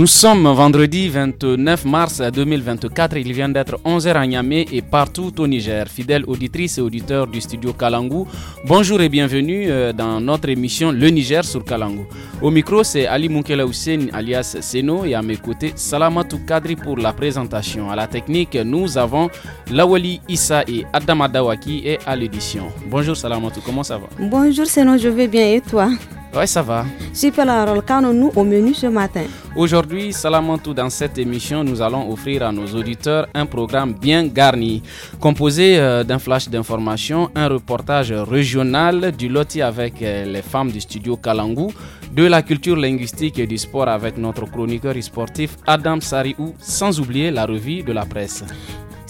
Nous sommes vendredi 29 mars 2024. Il vient d'être 11h à Niamey et partout au Niger. Fidèles auditrices et auditeurs du studio Kalangu, bonjour et bienvenue euh, dans notre émission Le Niger sur Kalangu. Au micro, c'est Ali Moukela Hussein alias Seno et à mes côtés, Salamatou Kadri pour la présentation. À la technique, nous avons Lawali Issa et Adam Adawaki et à l'édition. Bonjour Salamatou, comment ça va Bonjour Seno, je vais bien et toi oui, ça va. Super, alors Rolcano nous au menu ce matin Aujourd'hui, Salamantou, dans cette émission, nous allons offrir à nos auditeurs un programme bien garni, composé euh, d'un flash d'informations, un reportage régional du loti avec euh, les femmes du studio Kalangou, de la culture linguistique et du sport avec notre chroniqueur sportif Adam Sariou, sans oublier la revue de la presse.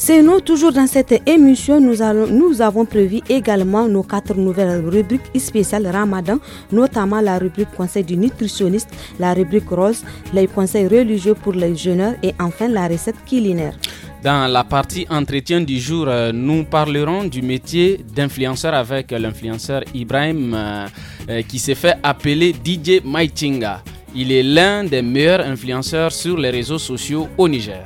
C'est nous, toujours dans cette émission, nous, nous avons prévu également nos quatre nouvelles rubriques spéciales Ramadan, notamment la rubrique Conseil du nutritionniste, la rubrique Rose, les conseils religieux pour les jeunes et enfin la recette culinaire. Dans la partie entretien du jour, euh, nous parlerons du métier d'influenceur avec l'influenceur Ibrahim euh, euh, qui s'est fait appeler DJ Maitinga. Il est l'un des meilleurs influenceurs sur les réseaux sociaux au Niger.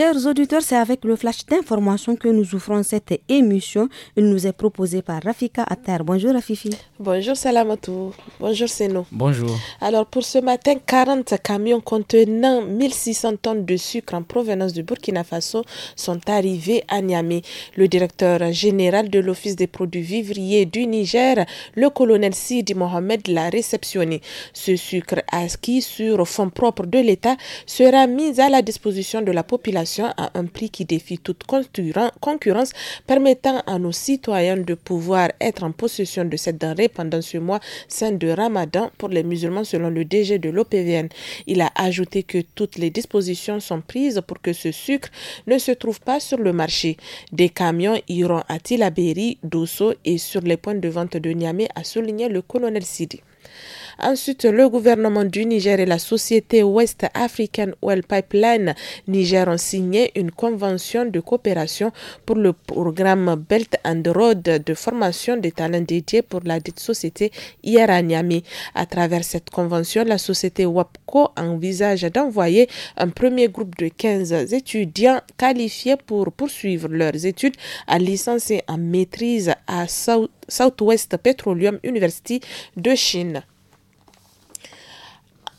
Chers auditeurs, c'est avec le flash d'information que nous offrons cette émission. Il nous est proposé par Rafika Attar. Bonjour Rafifi. Bonjour Salamatou. Bonjour Seno. Bonjour. Alors pour ce matin, 40 camions contenant 1600 tonnes de sucre en provenance du Burkina Faso sont arrivés à Niamey. Le directeur général de l'Office des produits vivriers du Niger, le colonel Sidi Mohamed, l'a réceptionné. Ce sucre acquis sur fonds propres de l'État sera mis à la disposition de la population à un prix qui défie toute concurrence, permettant à nos citoyens de pouvoir être en possession de cette denrée pendant ce mois saint de Ramadan pour les musulmans, selon le DG de l'OPVN. Il a ajouté que toutes les dispositions sont prises pour que ce sucre ne se trouve pas sur le marché. Des camions iront à Tilaberi, Dosso et sur les points de vente de Niamey, a souligné le colonel Sidi. Ensuite, le gouvernement du Niger et la société West African Oil Pipeline Niger ont signé une convention de coopération pour le programme Belt and Road de formation des talents dédiés pour la dite société hier à À travers cette convention, la société WAPCO envisage d'envoyer un premier groupe de 15 étudiants qualifiés pour poursuivre leurs études à licence et en maîtrise à Southwest Petroleum University de Chine.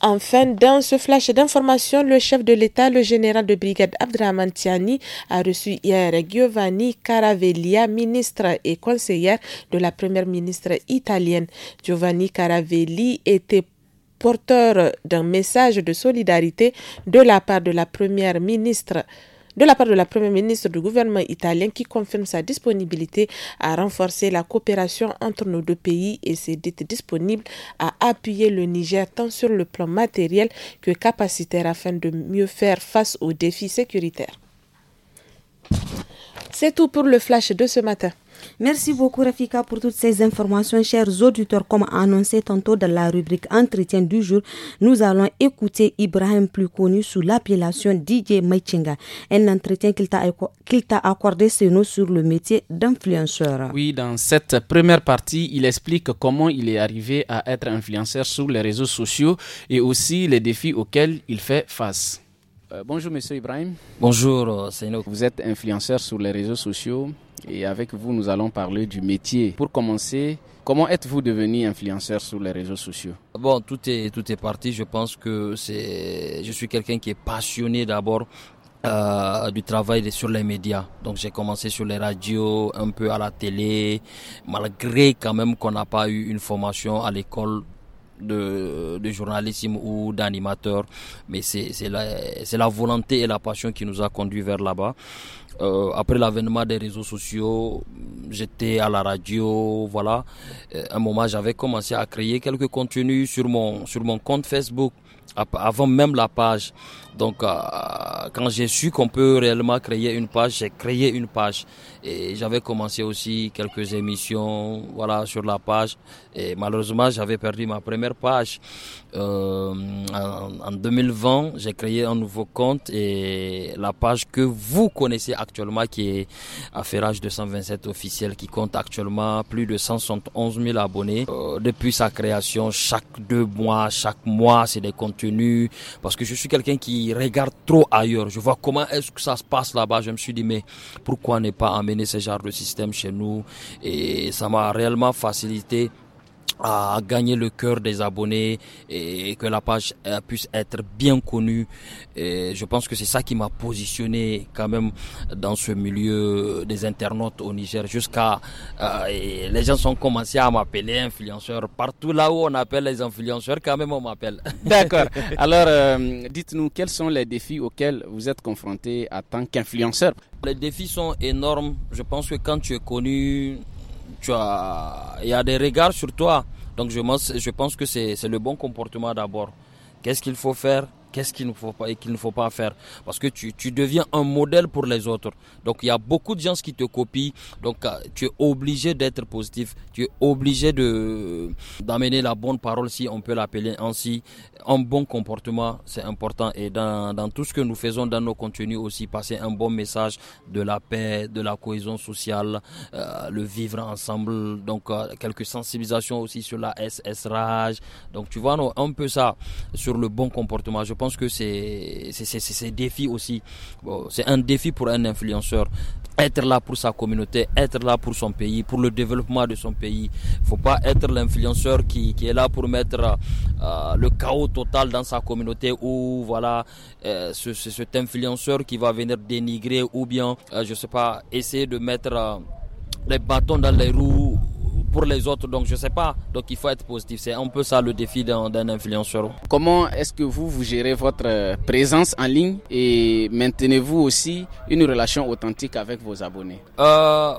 Enfin, dans ce flash d'information, le chef de l'État, le général de brigade Abdramantiani, a reçu hier Giovanni Caravellia, ministre et conseillère de la première ministre italienne. Giovanni Caravelli était porteur d'un message de solidarité de la part de la première ministre de la part de la Première ministre du gouvernement italien qui confirme sa disponibilité à renforcer la coopération entre nos deux pays et s'est dit disponible à appuyer le Niger tant sur le plan matériel que capacitaire afin de mieux faire face aux défis sécuritaires. C'est tout pour le flash de ce matin. Merci beaucoup Rafika pour toutes ces informations. Chers auditeurs, comme annoncé tantôt dans la rubrique Entretien du jour, nous allons écouter Ibrahim plus connu sous l'appellation DJ Maïchenga, Un entretien qu'il t'a accordé chez nous sur le métier d'influenceur. Oui, dans cette première partie, il explique comment il est arrivé à être influenceur sur les réseaux sociaux et aussi les défis auxquels il fait face. Euh, bonjour, monsieur Ibrahim. Bonjour, euh, Seigneur. Vous êtes influenceur sur les réseaux sociaux et avec vous, nous allons parler du métier. Pour commencer, comment êtes-vous devenu influenceur sur les réseaux sociaux Bon, tout est, tout est parti. Je pense que c'est, je suis quelqu'un qui est passionné d'abord euh, du travail sur les médias. Donc j'ai commencé sur les radios, un peu à la télé, malgré quand même qu'on n'a pas eu une formation à l'école de, de journalisme ou d'animateur, mais c'est la, la volonté et la passion qui nous a conduit vers là-bas. Euh, après l'avènement des réseaux sociaux, j'étais à la radio, voilà. Euh, à un moment, j'avais commencé à créer quelques contenus sur mon, sur mon compte Facebook, avant même la page. Donc, euh, quand j'ai su qu'on peut réellement créer une page, j'ai créé une page. Et j'avais commencé aussi quelques émissions, voilà, sur la page. Et malheureusement, j'avais perdu ma première page. Euh, en, 2020, j'ai créé un nouveau compte et la page que vous connaissez actuellement, qui est Affairage 227 officiel, qui compte actuellement plus de 171 000 abonnés. Euh, depuis sa création, chaque deux mois, chaque mois, c'est des contenus. Parce que je suis quelqu'un qui Regarde trop ailleurs. Je vois comment est-ce que ça se passe là-bas. Je me suis dit, mais pourquoi ne pas amener ce genre de système chez nous Et ça m'a réellement facilité à gagner le cœur des abonnés et que la page euh, puisse être bien connue. Et je pense que c'est ça qui m'a positionné quand même dans ce milieu des internautes au Niger jusqu'à euh, les gens sont commencés à m'appeler influenceur partout là où on appelle les influenceurs quand même on m'appelle. D'accord. Alors euh, dites-nous quels sont les défis auxquels vous êtes confronté en tant qu'influenceur. Les défis sont énormes. Je pense que quand tu es connu tu il y a des regards sur toi. Donc je pense que c'est le bon comportement d'abord. Qu'est-ce qu'il faut faire Qu'est-ce qu'il ne faut pas et qu'il ne faut pas faire Parce que tu, tu, deviens un modèle pour les autres. Donc il y a beaucoup de gens qui te copient. Donc euh, tu es obligé d'être positif. Tu es obligé de d'amener la bonne parole, si on peut l'appeler ainsi. Un bon comportement, c'est important. Et dans, dans tout ce que nous faisons dans nos contenus aussi, passer un bon message de la paix, de la cohésion sociale, euh, le vivre ensemble. Donc euh, quelques sensibilisations aussi sur la SS rage, Donc tu vois, un peu ça sur le bon comportement. Je pense que c'est c'est défi aussi. c'est un défi pour un influenceur être là pour sa communauté, être là pour son pays, pour le développement de son pays. Faut pas être l'influenceur qui, est là pour mettre euh, le chaos total dans sa communauté ou voilà euh, c'est cet influenceur qui va venir dénigrer ou bien euh, je sais pas essayer de mettre les bâtons dans les roues pour les autres. Donc je sais pas. Donc il faut être positif. C'est un peu ça le défi d'un influenceur. Comment est-ce que vous, vous gérez votre euh, présence en ligne et maintenez-vous aussi une relation authentique avec vos abonnés euh,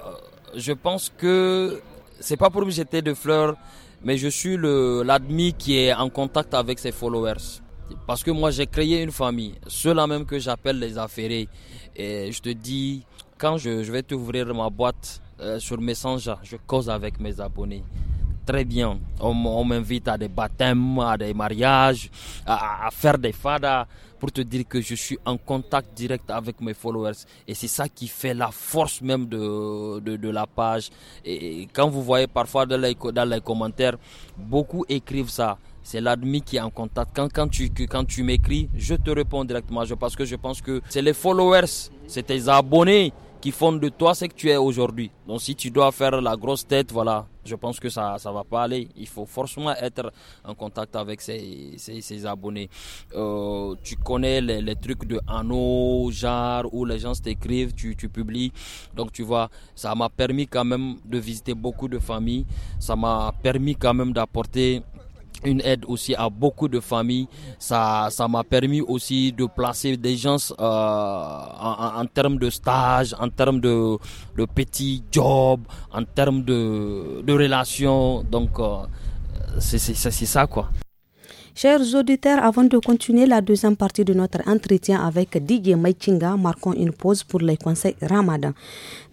Je pense que c'est pas pour me jeter de fleurs, mais je suis l'admi qui est en contact avec ses followers. Parce que moi j'ai créé une famille, ceux-là même que j'appelle les affairés. Et je te dis, quand je, je vais t'ouvrir ma boîte, euh, sur Messenger, je cause avec mes abonnés. Très bien, on, m'invite à des baptêmes, à des mariages, à, faire des fadas pour te dire que je suis en contact direct avec mes followers. Et c'est ça qui fait la force même de, de, la page. Et quand vous voyez parfois dans les, dans les commentaires, beaucoup écrivent ça. C'est l'admi qui est en contact. Quand, quand tu, quand tu m'écris, je te réponds directement. parce que je pense que c'est les followers, c'est tes abonnés qui font de toi ce que tu es aujourd'hui. Donc si tu dois faire la grosse tête, voilà, je pense que ça ça va pas aller. Il faut forcément être en contact avec ses, ses, ses abonnés. Euh, tu connais les, les, trucs de anneaux, genre, où les gens t'écrivent, tu, tu publies. Donc tu vois, ça m'a permis quand même de visiter beaucoup de familles. Ça m'a permis quand même d'apporter une aide aussi à beaucoup de familles. Ça, ça m'a permis aussi de placer des gens euh, en, termes de stage, en termes de, petits jobs, en termes de, relations. Donc, euh, c'est ça quoi. Chers auditeurs, avant de continuer la deuxième partie de notre entretien avec Didier Maïchinga, marquons une pause pour les conseils Ramadan.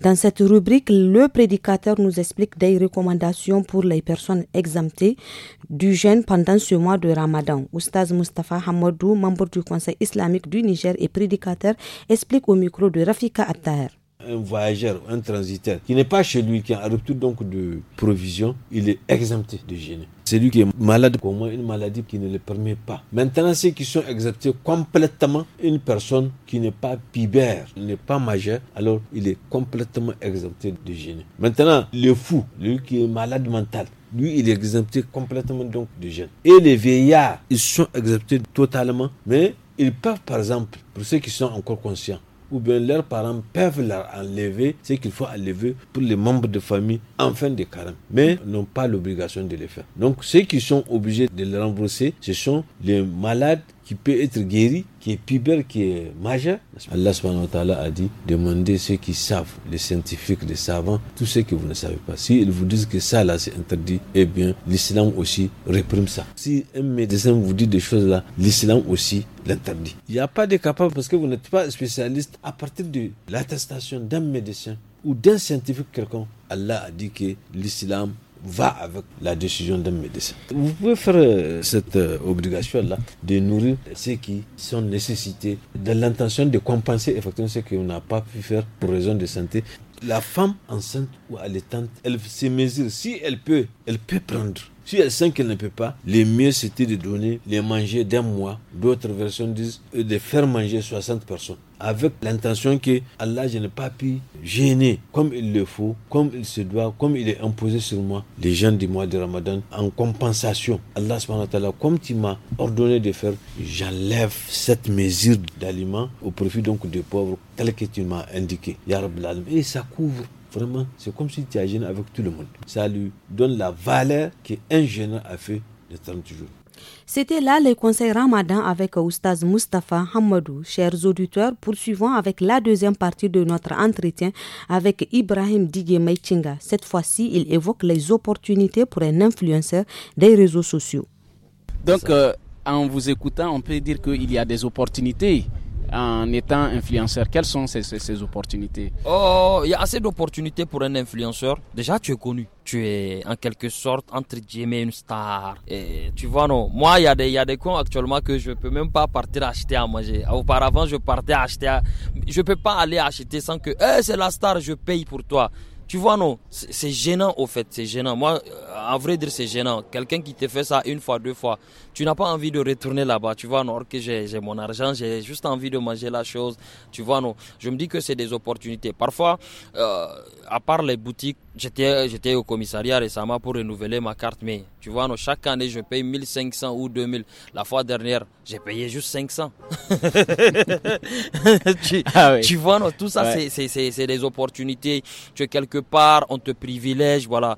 Dans cette rubrique, le prédicateur nous explique des recommandations pour les personnes exemptées du jeûne pendant ce mois de Ramadan. Oustaz Mustafa Hamadou, membre du Conseil islamique du Niger et prédicateur, explique au micro de Rafika Attaher un voyageur, un transitaire qui n'est pas chez lui, qui a un rupture donc de provision, il est exempté de gêner. Celui qui est malade, comment une maladie qui ne le permet pas. Maintenant, ceux qui sont exemptés complètement, une personne qui n'est pas pibère, n'est pas majeure, alors il est complètement exempté de gêner. Maintenant, le fou, lui qui est malade mental, lui, il est exempté complètement donc de gêne. Et les vieillards, ils sont exemptés totalement, mais ils peuvent, par exemple, pour ceux qui sont encore conscients, ou bien leurs parents peuvent leur enlever ce qu'il faut enlever pour les membres de famille en fin de carême, mais n'ont pas l'obligation de le faire. Donc ceux qui sont obligés de le rembourser, ce sont les malades qui peut être guéri, qui est pubère, qui est majeur. Allah subhanahu wa ta'ala a dit, demandez ceux qui savent, les scientifiques, les savants, tous ceux que vous ne savez pas. Si ils vous disent que ça là c'est interdit, eh bien l'islam aussi réprime ça. Si un médecin vous dit des choses là, l'islam aussi l'interdit. Il n'y a pas de capable parce que vous n'êtes pas spécialiste. À partir de l'attestation d'un médecin ou d'un scientifique quelconque, Allah a dit que l'islam va avec la décision d'un médecin. Vous pouvez faire euh, cette euh, obligation-là de nourrir ceux qui sont nécessités dans l'intention de compenser effectivement ce qu'on n'a pas pu faire pour raison de santé. La femme enceinte ou allaitante, elle se mesure. Si elle peut, elle peut prendre si elle sent qu'elle ne peut pas, le mieux c'était de donner les manger d'un mois. D'autres versions disent euh, de faire manger 60 personnes avec l'intention que Allah, je n'ai pas pu gêner comme il le faut, comme il se doit, comme il est imposé sur moi, les gens du mois de Ramadan, en compensation. Allah, comme tu m'as ordonné de faire, j'enlève cette mesure d'aliments au profit donc des pauvres, tel que tu m'as indiqué. Et ça couvre Vraiment, c'est comme si tu as avec tout le monde. Ça lui donne la valeur qu'un jeune a fait de 30 jours. C'était là le conseil ramadan avec Oustaz Mustafa Hamadou. Chers auditeurs, poursuivons avec la deuxième partie de notre entretien avec Ibrahim Digue Cette fois-ci, il évoque les opportunités pour un influenceur des réseaux sociaux. Donc, euh, en vous écoutant, on peut dire qu'il y a des opportunités en étant influenceur Quelles sont ces, opportunités Oh, il y a assez d'opportunités pour un influenceur. Déjà, tu es connu. Tu es en quelque sorte, entre guillemets, une star. Et tu vois, non. Moi, il y, a des, y a des cons actuellement que je peux même pas partir acheter à manger. Auparavant, je partais acheter à... Je peux pas aller acheter sans que... Eh, c'est la star, je paye pour toi. Tu vois, non, c'est gênant au fait, c'est gênant. Moi, euh, à vrai dire, c'est gênant. Quelqu'un qui te fait ça une fois, deux fois, tu n'as pas envie de retourner là-bas. Tu vois, alors que j'ai mon argent, j'ai juste envie de manger la chose. Tu vois, non. Je me dis que c'est des opportunités. Parfois, euh, à part les boutiques, j'étais j'étais au commissariat récemment pour renouveler ma carte, mais tu vois, chaque année, je paye 1500 ou 2000. La fois dernière, j'ai payé juste 500. Ah tu, vois, non, tout ça, c'est des opportunités. Tu es quelque part, on te privilège. Voilà.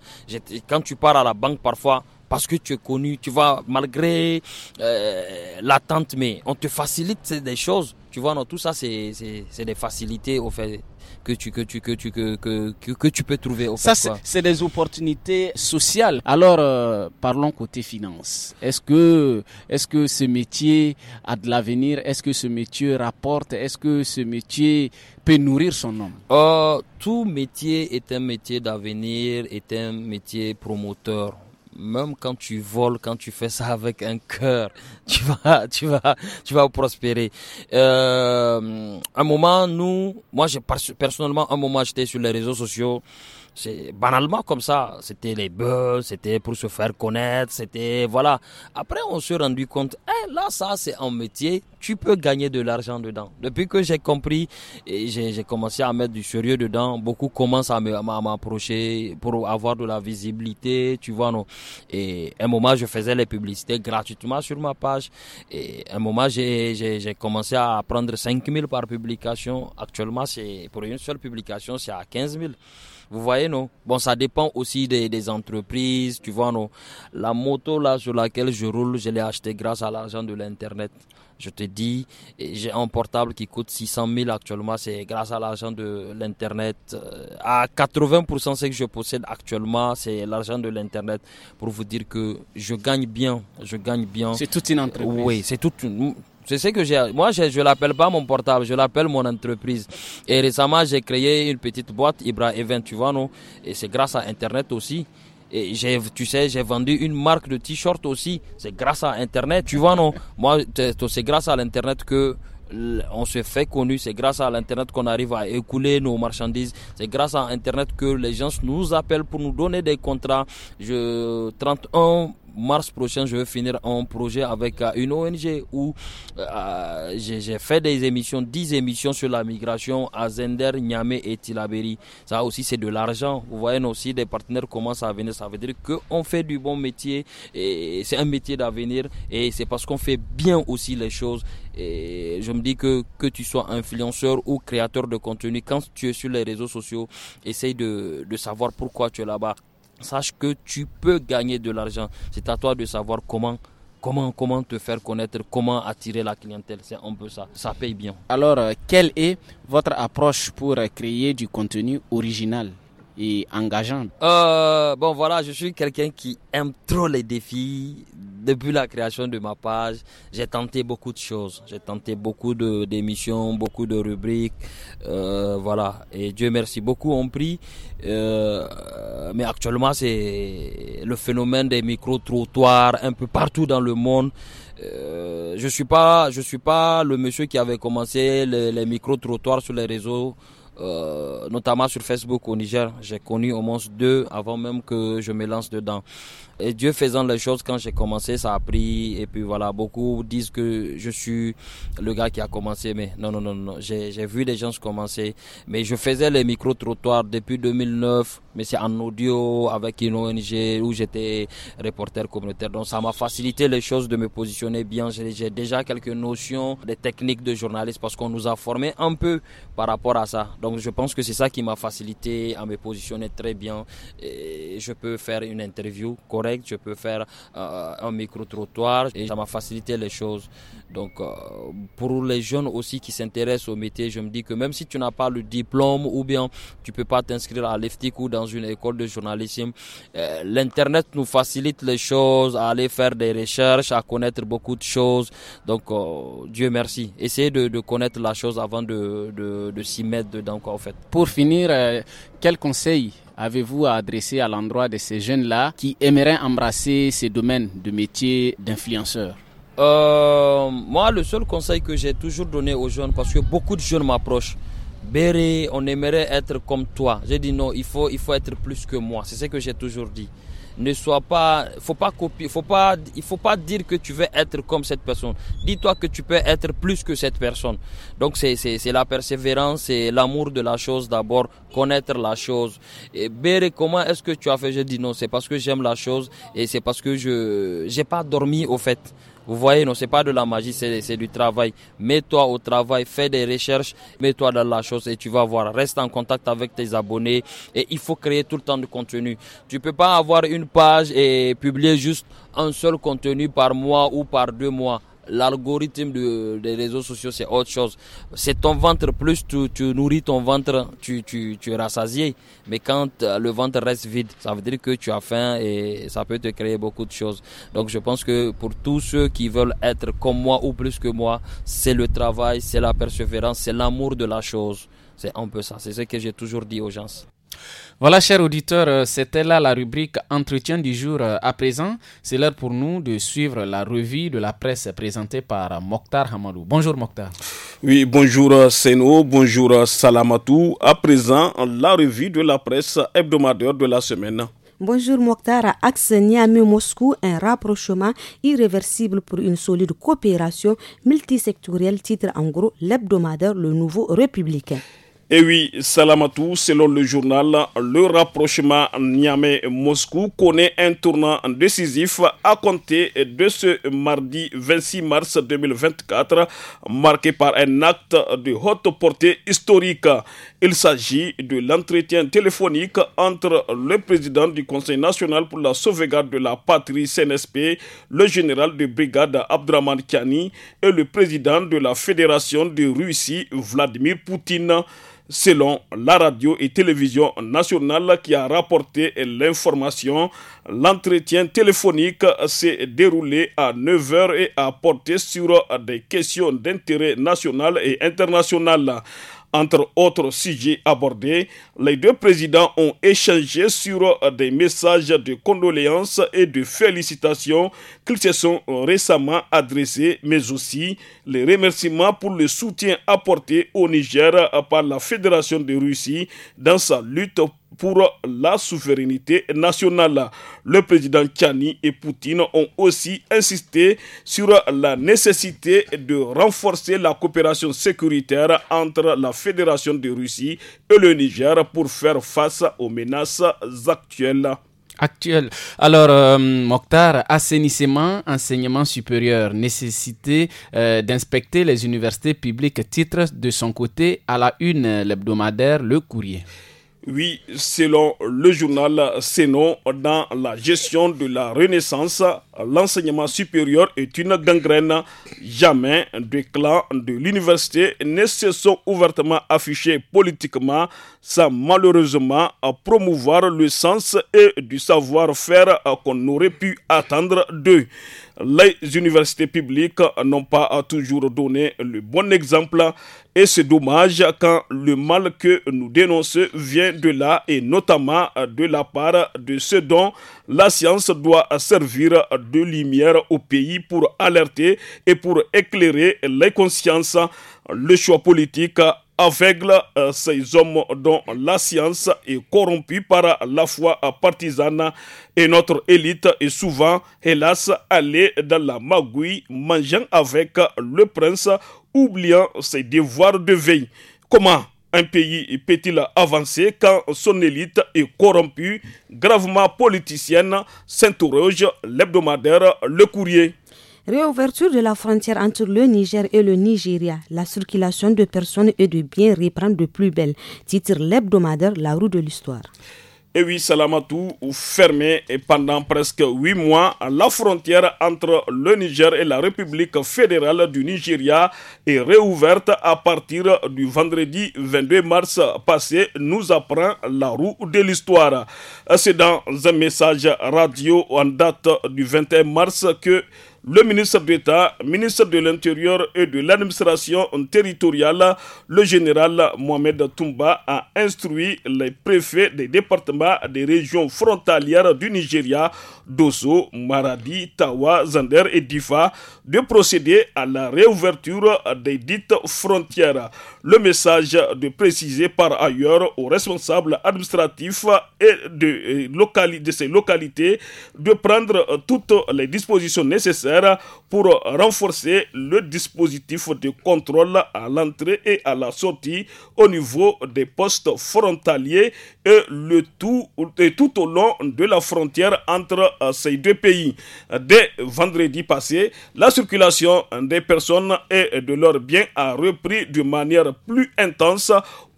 Quand tu pars à la banque, parfois, parce que tu es connu, tu vois, malgré euh, l'attente, mais on te facilite des choses. Tu vois, non, tout ça, c'est des facilités au fait que tu que tu que tu que que, tu peux trouver. Au ça, c'est des opportunités sociales. Alors, euh, parlons côté finance. Est-ce que est-ce que ce métier a de l'avenir Est-ce que ce métier rapporte Est-ce que ce métier peut nourrir son homme euh, Tout métier est un métier d'avenir, est un métier promoteur même quand tu voles, quand tu fais ça avec un cœur, tu vas, tu vas, tu vas prospérer. Euh, un moment, nous, moi, j'ai personnellement, un moment, j'étais sur les réseaux sociaux. C'est banalement comme ça. C'était les buzz, c'était pour se faire connaître, c'était voilà. Après, on s'est rendu compte, eh, là, ça, c'est un métier. Tu peux gagner de l'argent dedans. Depuis que j'ai compris, j'ai commencé à mettre du sérieux dedans. Beaucoup commencent à m'approcher pour avoir de la visibilité, tu vois non. Et un moment, je faisais les publicités gratuitement sur ma page. Et un moment, j'ai commencé à prendre 5000 par publication. Actuellement, c'est pour une seule publication, c'est à 15 000. Vous voyez, non Bon, ça dépend aussi des, entreprises, tu vois, non La moto là sur laquelle je roule, je l'ai achetée grâce à l'argent de l'Internet. Je te dis, j'ai un portable qui coûte 600 000 actuellement, c'est grâce à l'argent de l'Internet. Euh, à 80% ce que je possède actuellement, c'est l'argent de l'Internet. Pour vous dire que je gagne bien, je gagne bien. C'est toute une entreprise. Oui, c'est toute une c'est ce que j'ai. Moi, je ne l'appelle pas mon portable, je l'appelle mon entreprise. Et récemment, j'ai créé une petite boîte, Ibra Event, tu vois, non Et c'est grâce à Internet aussi. Et j'ai, tu sais, j'ai vendu une marque de t-shirt aussi. C'est grâce à Internet, tu vois, non Moi, c'est grâce à l'Internet que on se fait connu, c'est grâce à l'internet qu'on arrive à écouler nos marchandises, c'est grâce à internet que les gens nous appellent pour nous donner des contrats. Je 31 mars prochain, je vais finir un projet avec euh, une ONG où euh, j'ai fait des émissions, 10 émissions sur la migration à Zender, Niamey et Tilaberi. Ça aussi, c'est de l'argent. Vous voyez, aussi, des partenaires commencent à venir. Ça veut dire qu'on fait du bon métier et c'est un métier d'avenir et c'est parce qu'on fait bien aussi les choses. Et je me dis que que tu sois influenceur ou créateur de contenu, quand tu es sur les réseaux sociaux, essaye de savoir pourquoi tu es là-bas sache que tu peux gagner de l'argent. C'est à toi de savoir comment comment, comment te faire connaître, comment attirer la clientèle. C'est un peu ça. Ça paye bien. Alors, euh, quelle est votre approche pour créer du contenu original et engageant euh, Bon, voilà, je suis quelqu'un qui aime trop les défis. Depuis la création de ma page, j'ai tenté beaucoup de choses. J'ai tenté beaucoup d'émissions, beaucoup de rubriques. Euh, voilà, et Dieu merci, beaucoup ont pris. Euh, mais actuellement, c'est le phénomène des micro-trottoirs un peu partout dans le monde. Euh, je suis pas, je suis pas le monsieur qui avait commencé les micro-trottoirs sur les réseaux euh, notamment sur Facebook au Niger. J'ai connu au moins deux avant même que je me lance dedans. Et Dieu faisant les choses, quand j'ai commencé, ça a pris. Et puis voilà, beaucoup disent que je suis le gars qui a commencé. Mais non, non, non, non. J'ai vu des gens commencer. Mais je faisais les micro-trottoirs depuis 2009. Mais c'est en audio avec une ONG où j'étais reporter communautaire. Donc ça m'a facilité les choses de me positionner bien. J'ai déjà quelques notions des techniques de journaliste parce qu'on nous a formé un peu par rapport à ça. Donc je pense que c'est ça qui m'a facilité à me positionner très bien. Et je peux faire une interview correcte je peux faire euh, un micro-trottoir et ça m'a facilité les choses. Donc, euh, pour les jeunes aussi qui s'intéressent au métier, je me dis que même si tu n'as pas le diplôme ou bien tu ne peux pas t'inscrire à l'EFTIC ou dans une école de journalisme, euh, l'Internet nous facilite les choses, à aller faire des recherches, à connaître beaucoup de choses. Donc, Dieu merci. Essayez de, connaître la chose avant de, s'y mettre dedans, en fait. Pour finir, quel conseil avez-vous à adresser à l'endroit de ces jeunes-là qui aimeraient embrasser ces domaines de métier d'influenceur euh, Moi, le seul conseil que j'ai toujours donné aux jeunes, parce que beaucoup de jeunes m'approchent, Béré, on aimerait être comme toi. J'ai dit non, il faut, il faut être plus que moi. C'est ce que j'ai toujours dit ne sois pas, faut pas copier, faut pas, il faut pas dire que tu veux être comme cette personne. Dis-toi que tu peux être plus que cette personne. Donc c'est, c'est, c'est la persévérance, c'est l'amour de la chose d'abord, connaître la chose. Et Béré, comment est-ce que tu as fait? Je dis non, c'est parce que j'aime la chose et c'est parce que je, j'ai pas dormi au fait. Vous voyez, non, c'est pas de la magie, c'est du travail. Mets-toi au travail, fais des recherches, mets-toi dans la chose et tu vas voir. Reste en contact avec tes abonnés et il faut créer tout le temps de contenu. Tu peux pas avoir une page et publier juste un seul contenu par mois ou par deux mois l'algorithme des réseaux sociaux, c'est autre chose. C'est ton ventre, plus tu, nourris ton ventre, tu, tu, tu, es rassasié. Mais quand euh, le ventre reste vide, ça veut dire que tu as faim et ça peut te créer beaucoup de choses. Donc je pense que pour tous ceux qui veulent être comme moi ou plus que moi, c'est le travail, c'est la persévérance, c'est l'amour de la chose. C'est un peu ça. C'est ce que j'ai toujours dit aux gens. Voilà, chers auditeurs, euh, c'était là la rubrique Entretien du jour euh, à présent. C'est l'heure pour nous de suivre la revue de la presse présentée par Mokhtar Hamadou. Bonjour Mokhtar. Oui, bonjour euh, Seno, bonjour Salamatou. À présent, la revue de la presse hebdomadaire de la semaine. Bonjour Mokhtar, axe Niamey-Moscou, un rapprochement irréversible pour une solide coopération multisectorielle, titre en gros l'hebdomadaire Le Nouveau Républicain. Et eh oui, tous. selon le journal, le rapprochement Niamey-Moscou connaît un tournant décisif à compter de ce mardi 26 mars 2024, marqué par un acte de haute portée historique. Il s'agit de l'entretien téléphonique entre le président du Conseil national pour la sauvegarde de la patrie CNSP, le général de brigade Abdraman Kiani et le président de la Fédération de Russie, Vladimir Poutine selon la radio et télévision nationale qui a rapporté l'information. L'entretien téléphonique s'est déroulé à 9h et a porté sur des questions d'intérêt national et international. Entre autres sujets abordés, les deux présidents ont échangé sur euh, des messages de condoléances et de félicitations qu'ils se sont euh, récemment adressés, mais aussi les remerciements pour le soutien apporté au Niger euh, par la Fédération de Russie dans sa lutte pour la souveraineté nationale. Le président Tchani et Poutine ont aussi insisté sur la nécessité de renforcer la coopération sécuritaire entre la Fédération de Russie et le Niger pour faire face aux menaces actuelles Actuelles. Alors, euh, Mokhtar, assainissement, enseignement supérieur, nécessité euh, d'inspecter les universités publiques, titre de son côté à la une, l'hebdomadaire Le Courrier. Oui, selon le journal Sénon, dans la gestion de la Renaissance, l'enseignement supérieur est une gangrène. Jamais des clans de l'université ne se sont ouvertement affichés politiquement sans malheureusement promouvoir le sens et du savoir-faire qu'on aurait pu attendre d'eux. Les universités publiques n'ont pas toujours donné le bon exemple et c'est dommage quand le mal que nous dénonçons vient de là et notamment de la part de ceux dont la science doit servir de lumière au pays pour alerter et pour éclairer les consciences. Le choix politique aveugle euh, ces hommes dont la science est corrompue par la foi partisane et notre élite est souvent, hélas, allée dans la magouille, mangeant avec le prince oubliant ses devoirs de veille. Comment un pays peut-il avancer quand son élite est corrompue, gravement politicienne, s'interroge l'hebdomadaire Le Courrier. Réouverture de la frontière entre le Niger et le Nigeria. La circulation de personnes et de biens reprend de plus belle, titre l'hebdomadaire La roue de l'histoire et oui, Salamatou fermé et pendant presque huit mois la frontière entre le Niger et la République fédérale du Nigeria est réouverte à partir du vendredi 22 mars passé, nous apprend la roue de l'histoire. C'est dans un message radio en date du 21 mars que le ministre d'État, ministre de l'Intérieur et de l'Administration territoriale, le général Mohamed Toumba, a instruit les préfets des départements des régions frontalières du Nigeria Dosso, Maradi, Tawa, Zander et Difa de procéder à la réouverture des dites frontières. Le message de préciser par ailleurs aux responsables administratifs et de, de ces localités de prendre toutes les dispositions nécessaires pour renforcer le dispositif de contrôle à l'entrée et à la sortie au niveau des postes frontaliers et le tout, et tout au long de la frontière entre ces deux pays. Dès vendredi passé, la circulation des personnes et de leurs biens a repris de manière plus intense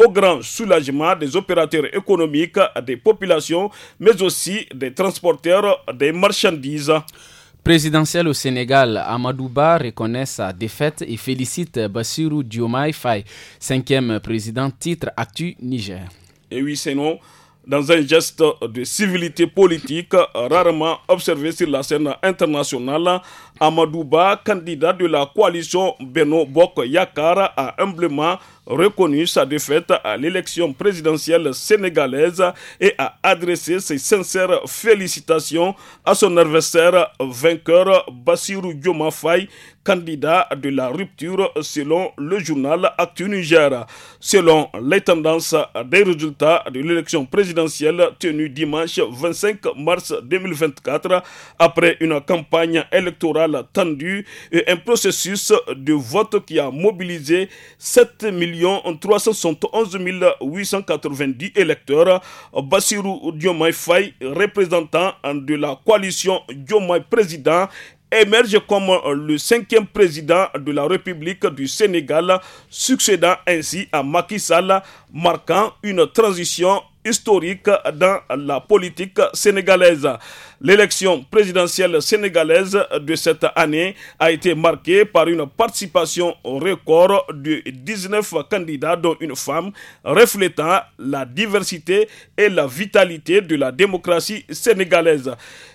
au grand soulagement des opérateurs économiques, des populations, mais aussi des transporteurs des marchandises. Présidentiel au Sénégal, Amadou Ba reconnaît sa défaite et félicite Bassirou Diomaye Faye, cinquième président titre Actu Niger. Et oui, c'est non dans un geste de civilité politique rarement observé sur la scène internationale, Amadouba, candidat de la coalition Beno Bok Yakar, a humblement reconnu sa défaite à l'élection présidentielle sénégalaise et a adressé ses sincères félicitations à son adversaire vainqueur Bassirou Faye candidat de la rupture selon le journal Actu Niger. Selon les tendances des résultats de l'élection présidentielle tenue dimanche 25 mars 2024, après une campagne électorale tendue et un processus de vote qui a mobilisé 7 371 890 électeurs, Bassirou Diomaye Faye, représentant de la coalition Diomaye Président, émerge comme euh, le cinquième président de la République du Sénégal, succédant ainsi à Macky Sall, marquant une transition historique dans la politique sénégalaise. L'élection présidentielle sénégalaise de cette année a été marquée par une participation au record de 19 candidats, dont une femme, reflétant la diversité et la vitalité de la démocratie sénégalaise.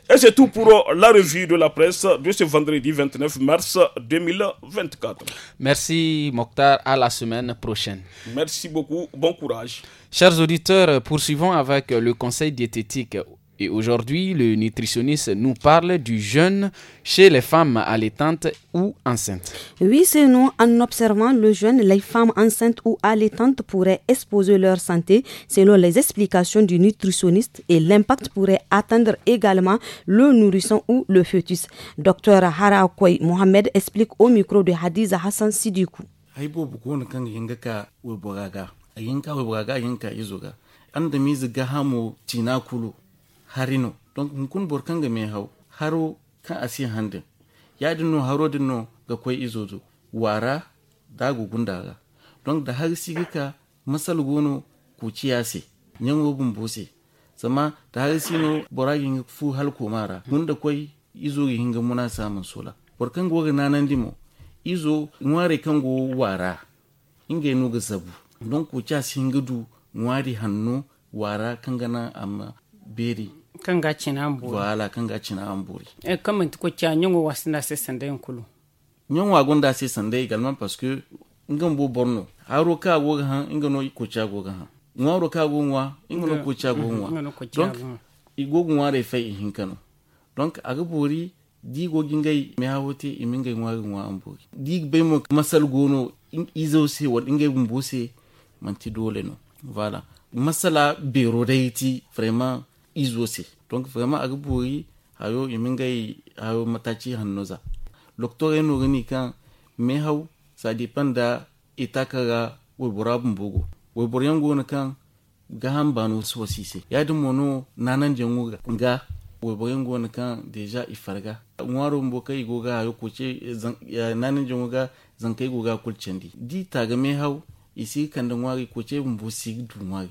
Et c'est tout pour la revue de la presse de ce vendredi 29 mars 2024. Merci Mokhtar, à la semaine prochaine. Merci beaucoup, bon courage. Chers auditeurs, poursuivons avec le conseil diététique. Et aujourd'hui, le nutritionniste nous parle du jeûne chez les femmes allaitantes ou enceintes. Oui, c'est nous. En observant le jeûne, les femmes enceintes ou allaitantes pourraient exposer leur santé selon les explications du nutritionniste et l'impact pourrait atteindre également le nourrisson ou le fœtus. Docteur Kouai Mohamed explique au micro de Hadiza Hassan Sidikou. harino don kun borkan ga mai hau haro kan asi handin ya dinno haro dinno ga kwai izozo wara dagu gundaga don da har gika masal gono ciyase se wogun bose zama da har no boragin fu hal komara mun da kwai izo ga hinga muna samun sola borkan goga nanan dimo izo nware kan go wara inga yi ga zabu don ku ciyase hinga du nware hannu wara kan gana amma beri kanga ga cina an bori wala tu cina an ko cha nyongo wasna se nyongo agunda se également parce que ngam bo borno tu ko cha go ga tu ka nwa ko cha nwa donc igo go tu re fe hinkano donc aga bori di go gingai me hawote as nwa nwa an mo masal gono izo se as ngai mbose manti no voilà masala bero vraiment izose donc vraiment aga bori hayo gai hayo matachi hannuza doctor no gani kan me hau sa depend da itaka ga webora bumbugo webor yango na kan ga han bano so sise ya dum mono nanan jengu ga webor yango gona kan deja ifarga nwaro kai goga hayo kuce nanan jengu ga kai goga kulcendi di ga me hau isi kan da nwari kuce mbo sig du nwari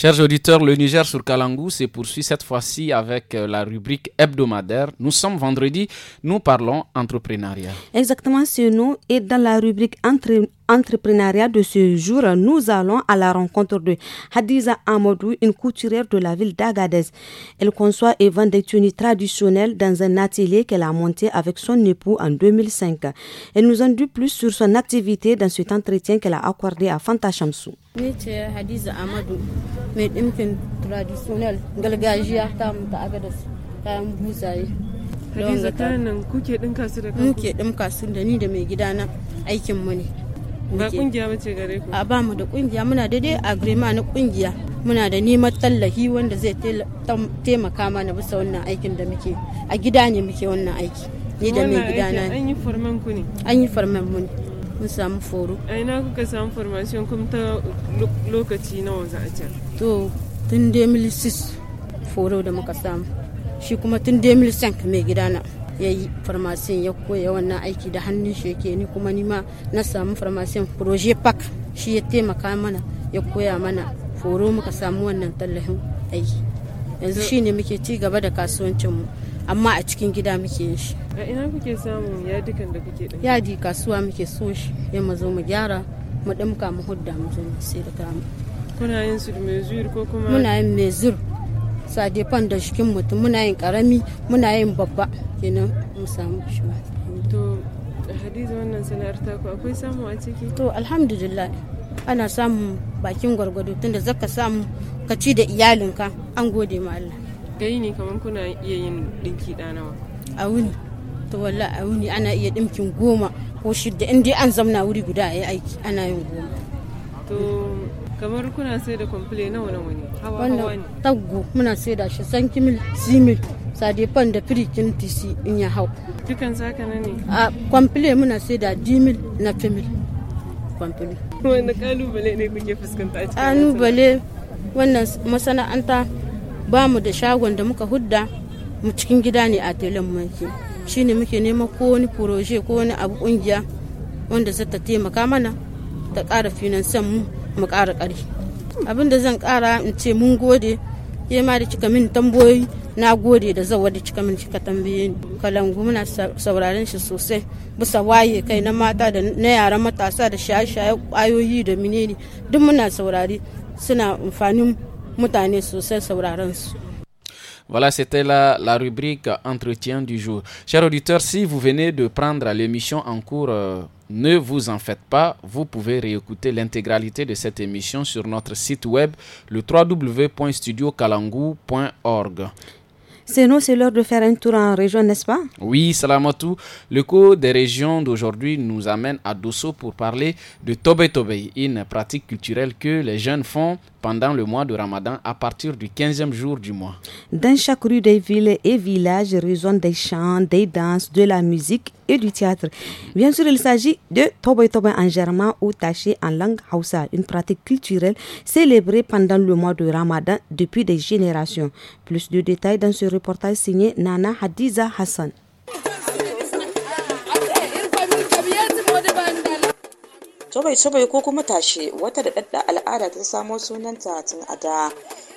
Chers auditeurs, le Niger sur Kalangou se poursuit cette fois-ci avec euh, la rubrique hebdomadaire. Nous sommes vendredi, nous parlons entrepreneuriat. Exactement, c'est nous. Et dans la rubrique entrepreneuriat de ce jour, nous allons à la rencontre de Hadiza Amadou, une couturière de la ville d'Agadez. Elle conçoit et vend des tunis traditionnelles dans un atelier qu'elle a monté avec son époux en 2005. Elle nous en dit plus sur son activité dans cet entretien qu'elle a accordé à Fanta Chamsou. Ni ce Hadiza Amadu mai ɗimfin traditional gargajiya ta mu ta agadas kayan buzaye. Hadiza kayan nan kuke dinka su da kanku? Muke dinka su da ni da mai gidana aikin mu ne. Ba kungiya ba ce gare ku? A ba mu da kungiya muna da dai agrema na kungiya. Muna da neman tallafi wanda zai taimaka mana bisa wannan aikin da muke. A gida ne muke wannan aiki. Ni da mai gidana. An yi farman ku ne? An yi farman mu ne. kun samu foro a ina kuka samu formation kuma ta lokaci nawa za a can to tun 2006 foro da muka samu shi kuma tun 2005 mai na ya yi farmasiyan ya koya wannan aiki da hannun shi yake ni kuma nima na samu farmasiyan projet park shi ya taimaka mana ya koya mana foro muka samu wannan tallafin aiki yanzu shi ne muke ci gaba da kasuwancinmu amma a cikin gida muke yin shi a ina kuke samun yadikan da kuke dinka yadi kasuwa muke so shi ya mazo zo mu gyara mu dimka mu hudda mu zo mu sai da kamu kuna yin su mezur ko kuma muna yin mezur sadefan da shikin mutum muna yin karami muna yin babba kenan mu samu shi to hadiza wannan sana'ar ta ku akwai samu a ciki to alhamdulillah ana samun bakin gwargwado tunda zaka samu ka ci da iyalinka an gode ma Allah gai ne kamar kuna iya yin dinki nawa a wuni to walla a wuni ana iya dinkin goma ko shidda in dai an zamna wuri guda a yi aiki ana yin goma to kamar kuna sai da komple nawa nawa ne hawa hawa ne taggo muna sai da shi san kimil simil fan da firikin tisi in ya hau dukan saka na ne a komple muna sai da dimil na femil komple wanda kalubale ne kuke fuskanta a cikin kalubale wannan masana'anta ba mu da shagon da muka hudda mu cikin gida ne a telan shi ne muke neman ko wani proje ko wani abu kungiya wanda zata taimaka mana ta ƙara finansan mu mu ƙara ƙari abin da zan kara in ce mun gode ke ma da kika min tambayoyi na gode da zawa da kika min cika tambaye ni kalangu muna sauraron shi sosai bisa waye kai na mata da na yaran matasa da shaye-shaye kwayoyi da ne duk muna saurare suna amfanin Voilà, c'était la, rubrique entretien du jour. Chers auditeurs, si vous venez de prendre l'émission en cours, euh, ne vous en faites pas, vous pouvez réécouter l'intégralité de cette émission sur notre site web le www.studiocalangou.org. C'est c'est l'heure de faire un tour en région, n'est-ce pas Oui, Salamatou. Le cours des régions d'aujourd'hui nous amène à Dosso pour parler de Tobe Tobe, une pratique culturelle que les jeunes font pendant le mois de Ramadan à partir du 15e jour du mois. Dans chaque rue des villes et villages résonnent des chants, des danses, de la musique et du théâtre. Bien sûr, il s'agit de Toboy Toboy en germain ou taché en langue Hausa, une pratique culturelle célébrée pendant le mois de Ramadan depuis des générations. Plus de détails dans ce reportage signé Nana Hadiza Hassan. tobai tobai ko kuma tashe wata da dadda al'ada ta samo sunanta tun a da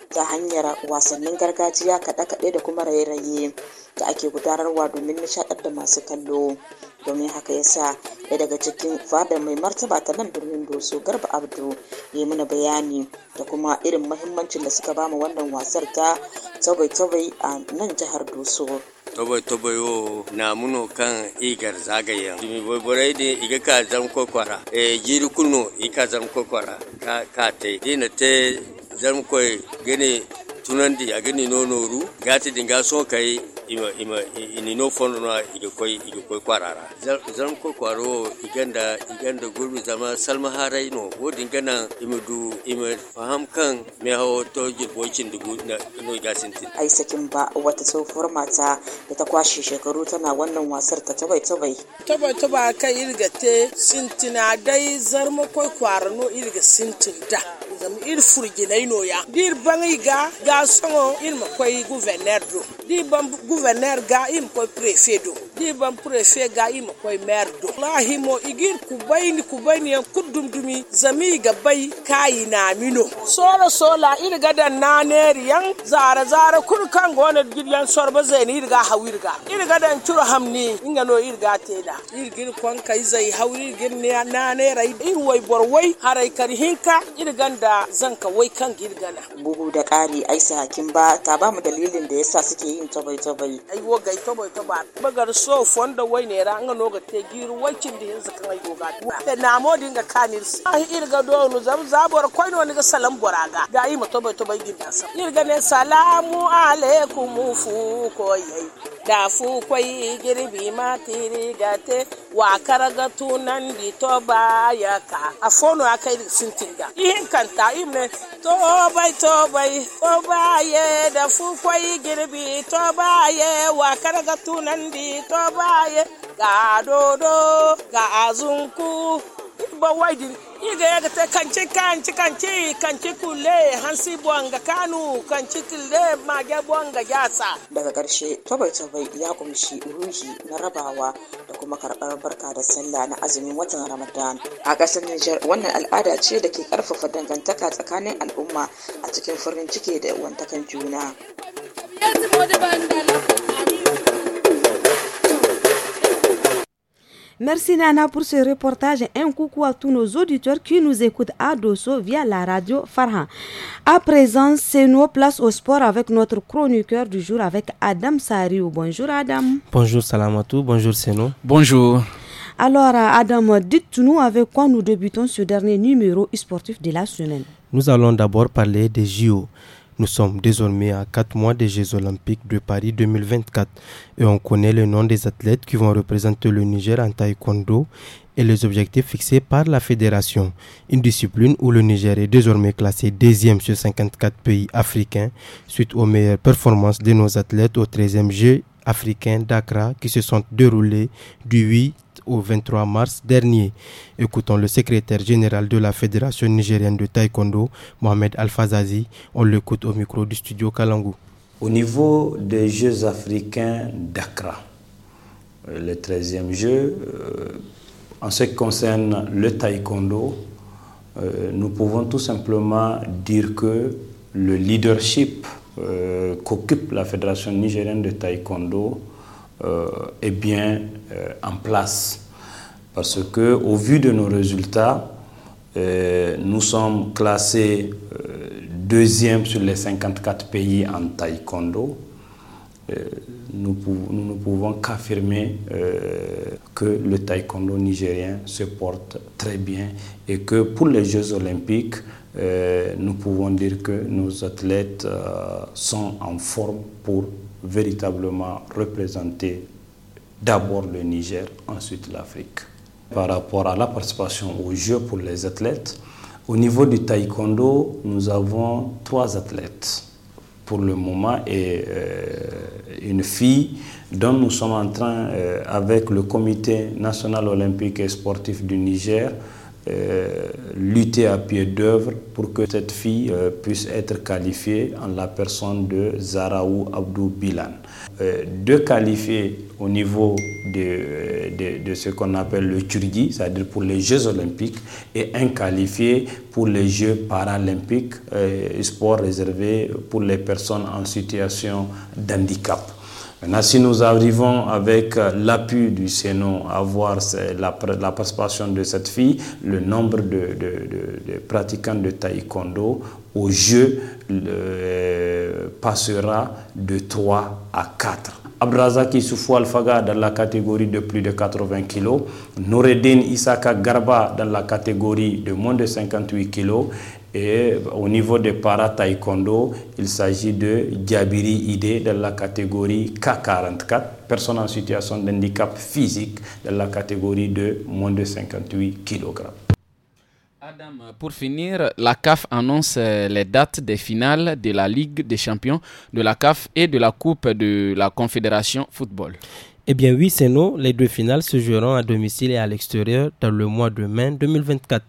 ta hanyar wasannin gargajiya kaɗe-kaɗe da kuma raye-raye da ake gudanarwa domin nishaɗar da masu kallo domin haka yasa ɗaya daga cikin fadar mai martaba ta nan birnin doso garba abdu ya mana bayani da kuma irin mahimmancin da suka bamu wannan wasar ta tabai-tabai a nan jihar doso tobe y'o na muno kan igar zagayen dimi boborai de iga ka zan kokwara e jiru kuno iga zan kokwara ka ka te dina te zan koy gene tunandi a gani nonoru gati dinga so kai ima ima ini no fono na iga koi iga koi kwarara zam ko kwaro iganda iganda gurbi zama salma harai no wodin gana ima du ima faham kan me hawo to jirbocin dugu na no gasintin ai sakin ba wata tsohuwar mata da ta kwashe shekaru tana wannan wasar ta tabai tabai tabai tabai kai irgate na dai zarma koi kwarano irga sinti da zam ir furginay noya dir bangi ga ga songo ir ma koy gouverneur do di bam gouverneur ga im koy préfet do diban préfet ga im koy maire do ku mo ku bayni en yan dumi zami ga bai kayi na mino solo sola ir gadan naner yang yan zara zara kul kan gona gidyan sorba zaini irga hawirga ir gadan curo hamni inga no ga teda ir gir kon kai zai hawir gir ne na ir way bor way haray kar hinka ir ganda zanka wai kan gidgana bugu da kari aisa hakim ba ta ba mu dalilin da yasa suke yin tabai tabai bai ai wo gai to bai to ba bagar so fonda wai ne ra ngano ga te giru wakin da yanzu kan ai ga da namo dinga kanir ir irga do nu zam zabor koi no ni ga salam boraga ga yi mato bai to bai ginda sa ga ne salamu alaikum fu koyai da fu kwai girbi ma tiri gate wa karaga tunan di to ba ya ka a fono akai sintinga ihin kanta imne to bai to bai to ba ye da fu kwai girbi to ba ye wa karaga tunan di to ba ye ga dodo ga azunku ba waidin idega te kanci kanci kanci kanci kule, hansi buwanga kanu kanci mage yasa daga karshe tabai tabai ya kumshi ruhi na rabawa da kuma karɓar barka da sallah na azumin watan ramadan a ƙasar nijar wannan al'ada ce da ke ƙarfafa dangantaka tsakanin al'umma a cikin farin ciki da wantakan juna Merci Nana pour ce reportage et un coucou à tous nos auditeurs qui nous écoutent à Dosso via la radio Farhan. À présent, c'est nos place au sport avec notre chroniqueur du jour avec Adam Sariou. Bonjour Adam. Bonjour Salamatou, bonjour Seno. Bonjour. Alors Adam, dites-nous avec quoi nous débutons ce dernier numéro sportif de la semaine. Nous allons d'abord parler des JO. Nous sommes désormais à quatre mois des Jeux olympiques de Paris 2024 et on connaît le nom des athlètes qui vont représenter le Niger en taekwondo et les objectifs fixés par la fédération, une discipline où le Niger est désormais classé deuxième sur 54 pays africains suite aux meilleures performances de nos athlètes au 13e Jeu africain d'Accra qui se sont déroulés du 8 au 23 mars dernier. Écoutons le secrétaire général de la Fédération nigérienne de taekwondo, Mohamed Alfazazi. On l'écoute au micro du studio Kalangou. Au niveau des Jeux africains d'Accra, euh, le 13e jeu, euh, en ce qui concerne le taekwondo, euh, nous pouvons tout simplement dire que le leadership qu'occupe la Fédération nigérienne de taekwondo est bien en place. Parce que, au vu de nos résultats, euh, nous sommes classés euh, deuxième sur les 54 pays en taekwondo. Euh, nous, nous, ne pouvons qu'affirmer que le taekwondo nigérien se porte très bien et que pour les Jeux olympiques, nous pouvons dire que nos athlètes sont en forme pour véritablement représenter d'abord le Niger, ensuite l'Afrique par rapport à la participation aux Jeux pour les athlètes. Au niveau du taekwondo, nous avons trois athlètes pour le moment et euh, une fille dont nous sommes en train, euh, avec le comité national olympique et sportif du Niger, de euh, lutter à pied d'œuvre pour que cette fille puisse être qualifiée en la personne de Zaraou Abdou Bilan. De euh, deux qualifiés au niveau euh, de, ce qu'on appelle le Turgi, c'est-à-dire pour les Jeux olympiques, et un qualifié pour les Jeux paralympiques, euh, sport réservé pour les personnes en situation d'handicap. Maintenant, si nous arrivons avec euh, l'appui du Sénat à voir euh, la, participation de cette fille, le nombre de, pratiquants de taekwondo au jeu euh, passera de 3 à 4. Abrazaki Soufou Alfaga dans la catégorie de plus de 80 kg, Noureddin Isaka Garba dans la catégorie de moins de 58 kg et au niveau des para taekwondo, il s'agit de Diabiri ID de la catégorie K44, personne en situation d'handicap physique de la catégorie de moins de 58 kg. Adam, pour finir, la CAF annonce euh, les dates des finales de la Ligue des champions de la CAF et de la Coupe de la Confédération Football. Eh bien oui, c'est nous. Les deux finales se joueront à domicile et à l'extérieur dans le mois de mai 2024.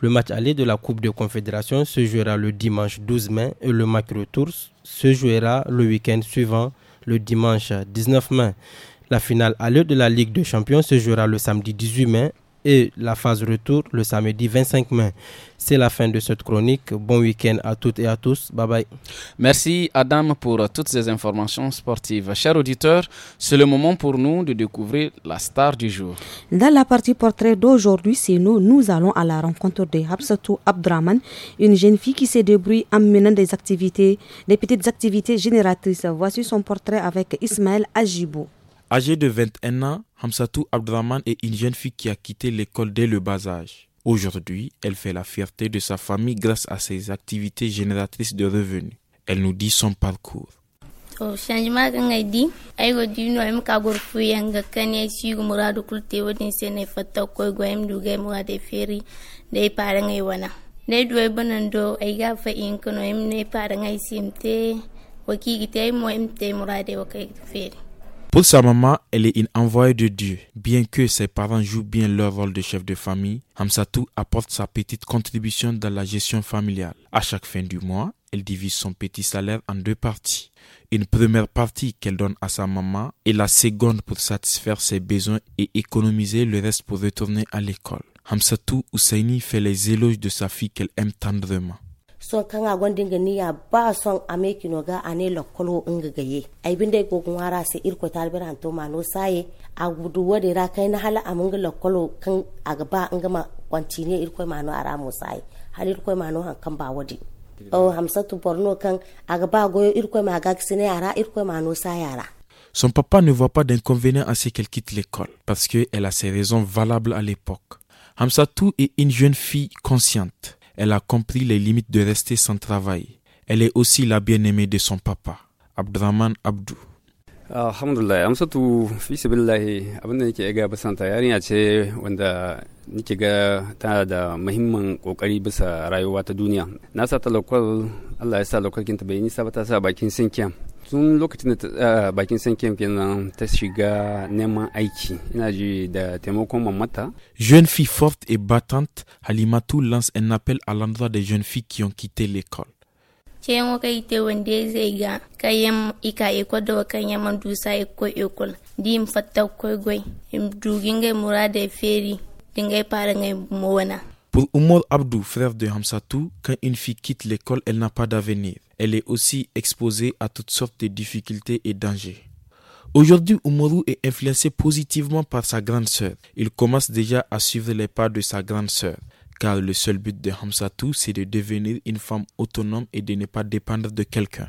Le match aller de la Coupe de Confédération se jouera le dimanche 12 mai et le match retour se jouera le week-end suivant, le dimanche 19 mai. La finale à de la Ligue des Champions se jouera le samedi 18 mai et la phase retour le samedi 25 mai. C'est la fin de cette chronique. Bon week-end à toutes et à tous. Bye bye. Merci Adam pour toutes ces informations sportives. Chers auditeurs, c'est le moment pour nous de découvrir la star du jour. Dans la partie portrait d'aujourd'hui, c'est nous. Nous allons à la rencontre de Hapsatou Abdraman, une jeune fille qui s'est débrouillée en menant des activités, des petites activités génératrices. Voici son portrait avec Ismaël Ajibou. Âgé de 21 ans, Hamsatou Abdraman est une jeune fille qui a quitté l'école dès le bas âge. Aujourd'hui, elle fait la fierté de sa famille grâce à ses activités génératrices de revenus. Elle nous dit son parcours. o changement kan ngai di ay go di no em ka gor fu yang ga kan ai si go muradu kulte wodin se ne fatta ko go em du ga mu ade feri dai pare ngai wana dai do ai banan do ai ga fa in kono em ne pare ngai simte waki te mo em te murade wakai feri pour sa maman, elle est une envoyée de Dieu. Bien que ses parents jouent bien leur rôle de chef de famille, Hamsatou apporte sa petite contribution dans la gestion familiale. À chaque fin du mois, elle divise son petit salaire en deux parties. Une première partie qu'elle donne à sa maman et la seconde pour satisfaire ses besoins et économiser le reste pour retourner à l'école. Hamsatou Ousseini fait les éloges de sa fille qu'elle aime tendrement son kanga gondin ga niya ba son ame kino ga ane lokolo inga gaye ai bin dai gogun wara se irko talbiran to a gudu wade ra kai na hala amunga lokolo kan aga ba inga ma kwantine irko mano ara mo saye hal irko mano han kan ba wadi o oh, hamsatu borno kan aga ba goyo irko ma ga kisine ara irko mano sayara Son papa ne voit pas d'inconvénient à ce qu'elle quitte l'école, parce qu'elle a ses raisons valables à l'époque. Hamsatou est une jeune fille consciente. Elle a compris les limites de rester sans travail. Elle est aussi la bien-aimée de son papa, Abdraman Abdou. alhamdulillah amsatu fi sabilillahi abinda nake ga basanta yarinya ce wanda nake ga tana da muhimmin kokari bisa rayuwa ta duniya na sa ta Allah ya sa lokalkin ta bai nisa sa bakin sinkiya jeune fille forte et battante Halimatu lance un appel à l'endroit des jeunes filles qui ont quitté l'école Pour Oumor Abdou, frère de Hamsatou, quand une fille quitte l'école, elle n'a pas d'avenir elle est aussi exposée à toutes sortes de difficultés et dangers. Aujourd'hui, Umoru est influencé positivement par sa grande sœur. Il commence déjà à suivre les pas de sa grande sœur, car le seul but de Hamsatou, c'est de devenir une femme autonome et de ne pas dépendre de quelqu'un.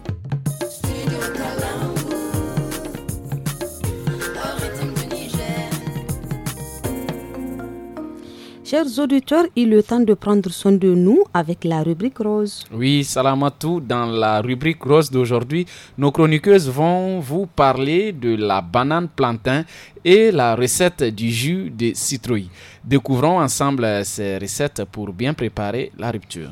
Chers auditeurs, il est temps de prendre soin de nous avec la rubrique rose. Oui, tous. dans la rubrique rose d'aujourd'hui, nos chroniqueuses vont vous parler de la banane plantain et la recette du jus de citrouille. Découvrons ensemble ces recettes pour bien préparer la rupture.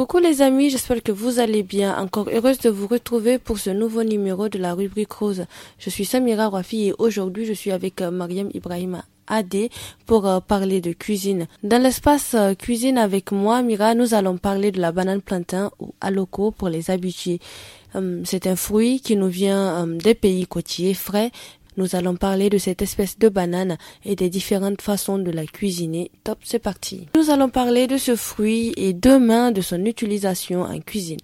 Coucou les amis, j'espère que vous allez bien. Encore heureuse de vous retrouver pour ce nouveau numéro de la rubrique rose. Je suis Samira Rafi et aujourd'hui je suis avec euh, Mariam Ibrahim AD pour euh, parler de cuisine. Dans l'espace euh, cuisine avec moi, Mira, nous allons parler de la banane plantain ou aloco pour les habitués. C'est un fruit qui nous vient des pays côtiers frais, nous allons parler de cette espèce de banane et des différentes façons de la cuisiner. Top, c'est parti. Nous allons parler de ce fruit et demain de son utilisation en cuisine.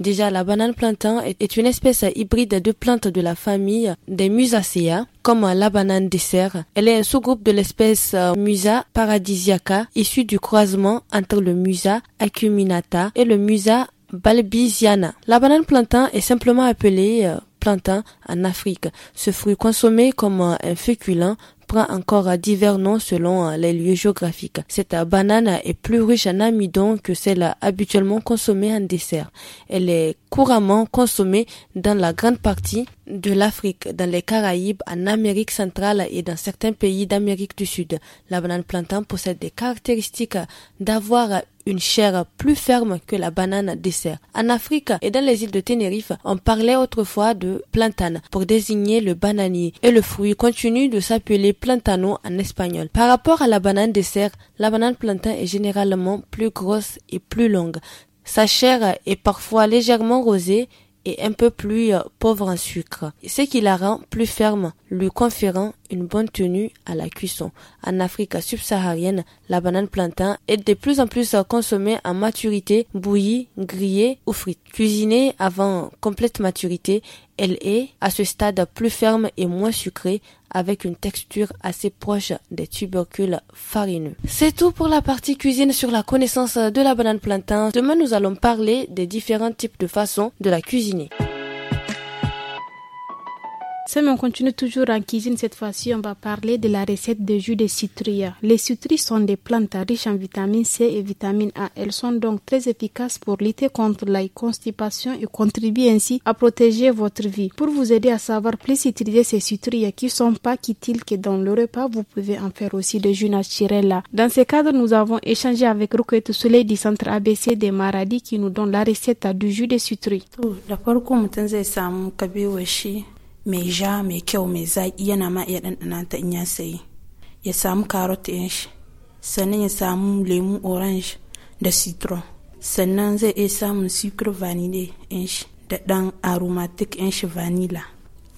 Déjà, la banane plantain est une espèce hybride de plantes de la famille des Musaceae, comme la banane dessert. Elle est un sous-groupe de l'espèce euh, Musa paradisiaca, issue du croisement entre le Musa acuminata et le Musa balbisiana. La banane plantain est simplement appelée euh, plantain en Afrique. Ce fruit consommé comme euh, un féculent prend encore divers noms selon euh, les lieux géographiques. Cette banane est plus riche en amidon que celle habituellement consommée en dessert. Elle est couramment consommée dans la grande partie de l'Afrique, dans les Caraïbes, en Amérique centrale et dans certains pays d'Amérique du Sud. La banane plantain possède des caractéristiques d'avoir une chair plus ferme que la banane dessert. En Afrique et dans les îles de Tenerife, on parlait autrefois de plantain pour désigner le bananier et le fruit continue de s'appeler Plantano en espagnol. Par rapport à la banane dessert, la banane plantain est généralement plus grosse et plus longue. Sa chair est parfois légèrement rosée et un peu plus euh, pauvre en sucre, ce qui la rend plus ferme, lui conférant une bonne tenue à la cuisson. En Afrique subsaharienne, la banane plantain est de plus en plus consommée en maturité, bouillie, grillée ou frite. Cuisinée avant complète maturité, elle est, à ce stade, plus ferme et moins sucrée, avec une texture assez proche des tubercules farineux. C'est tout pour la partie cuisine sur la connaissance de la banane plantain. Demain, nous allons parler des différents types de façons de la cuisiner. Sam, on continue toujours en cuisine. Cette fois-ci, on va parler de la recette de jus de citrouille. Les citrouilles sont des plantes riches en vitamine C et vitamine A. Elles sont donc très efficaces pour lutter contre la constipation et contribuent ainsi à protéger votre vie. Pour vous aider à savoir plus utiliser ces citrouilles qui sont pas qu'utiles que dans le repas, vous pouvez en faire aussi de jus naturel. Dans ce cadre, nous avons échangé avec Rouquette Soleil du centre ABC des Maradis, qui nous donne la recette du jus de citrouille. mai ja mai kyau mai zaƙi yana ma iya ɗanɗana ta in ya sayi ya samu carrot ɗin shi sannan ya samu lemu orange da citron sannan zai iya samun sucre vanille ɗin shi da ɗan aromatic ɗin shi vanilla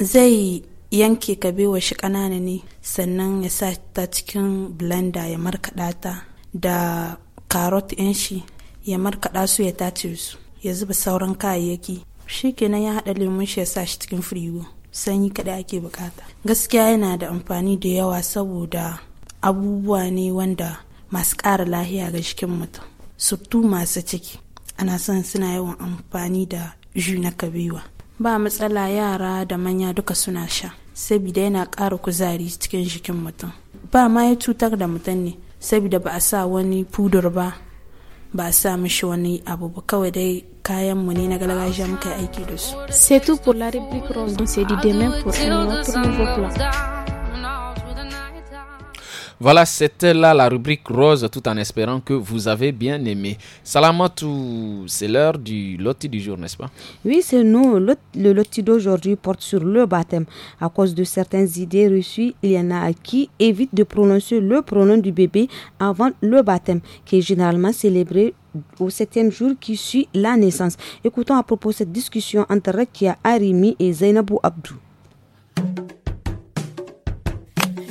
zai yanke kabewa shi ƙanana ne sannan ya sa ta cikin blender ya markaɗa ta da carrot ɗin shi ya markaɗa su ya tace su ya zuba sauran kayayyaki shi kenan ya haɗa lemun shi ya sa shi cikin firigo sanyi kaɗai ake bukata gaskiya yana da amfani da yawa saboda abubuwa ne wanda masu ƙara lahiya ga jikin mutum subtu masu ciki ana son suna yawan amfani da ju na kabewa ba matsala yara da manya duka suna sha saboda yana ƙara kuzari cikin jikin mutum ba ma ya cutar da mutum ne saboda ba a sa wani fudur ba ba sa mishi wani abu ba kawai dai kayan mu ne na gargajiya muka aiki da su. C'est tout pour la République rose, on se dit demain pour un autre nouveau plan. Voilà, c'était là la rubrique rose tout en espérant que vous avez bien aimé. Salamatou, c'est l'heure du loti du jour, n'est-ce pas Oui, c'est nous. Le loti d'aujourd'hui porte sur le baptême. À cause de certaines idées reçues, il y en a qui évitent de prononcer le pronom du bébé avant le baptême, qui est généralement célébré au septième jour qui suit la naissance. Écoutons à propos cette discussion entre Rekia Arimi et Zainabou Abdou.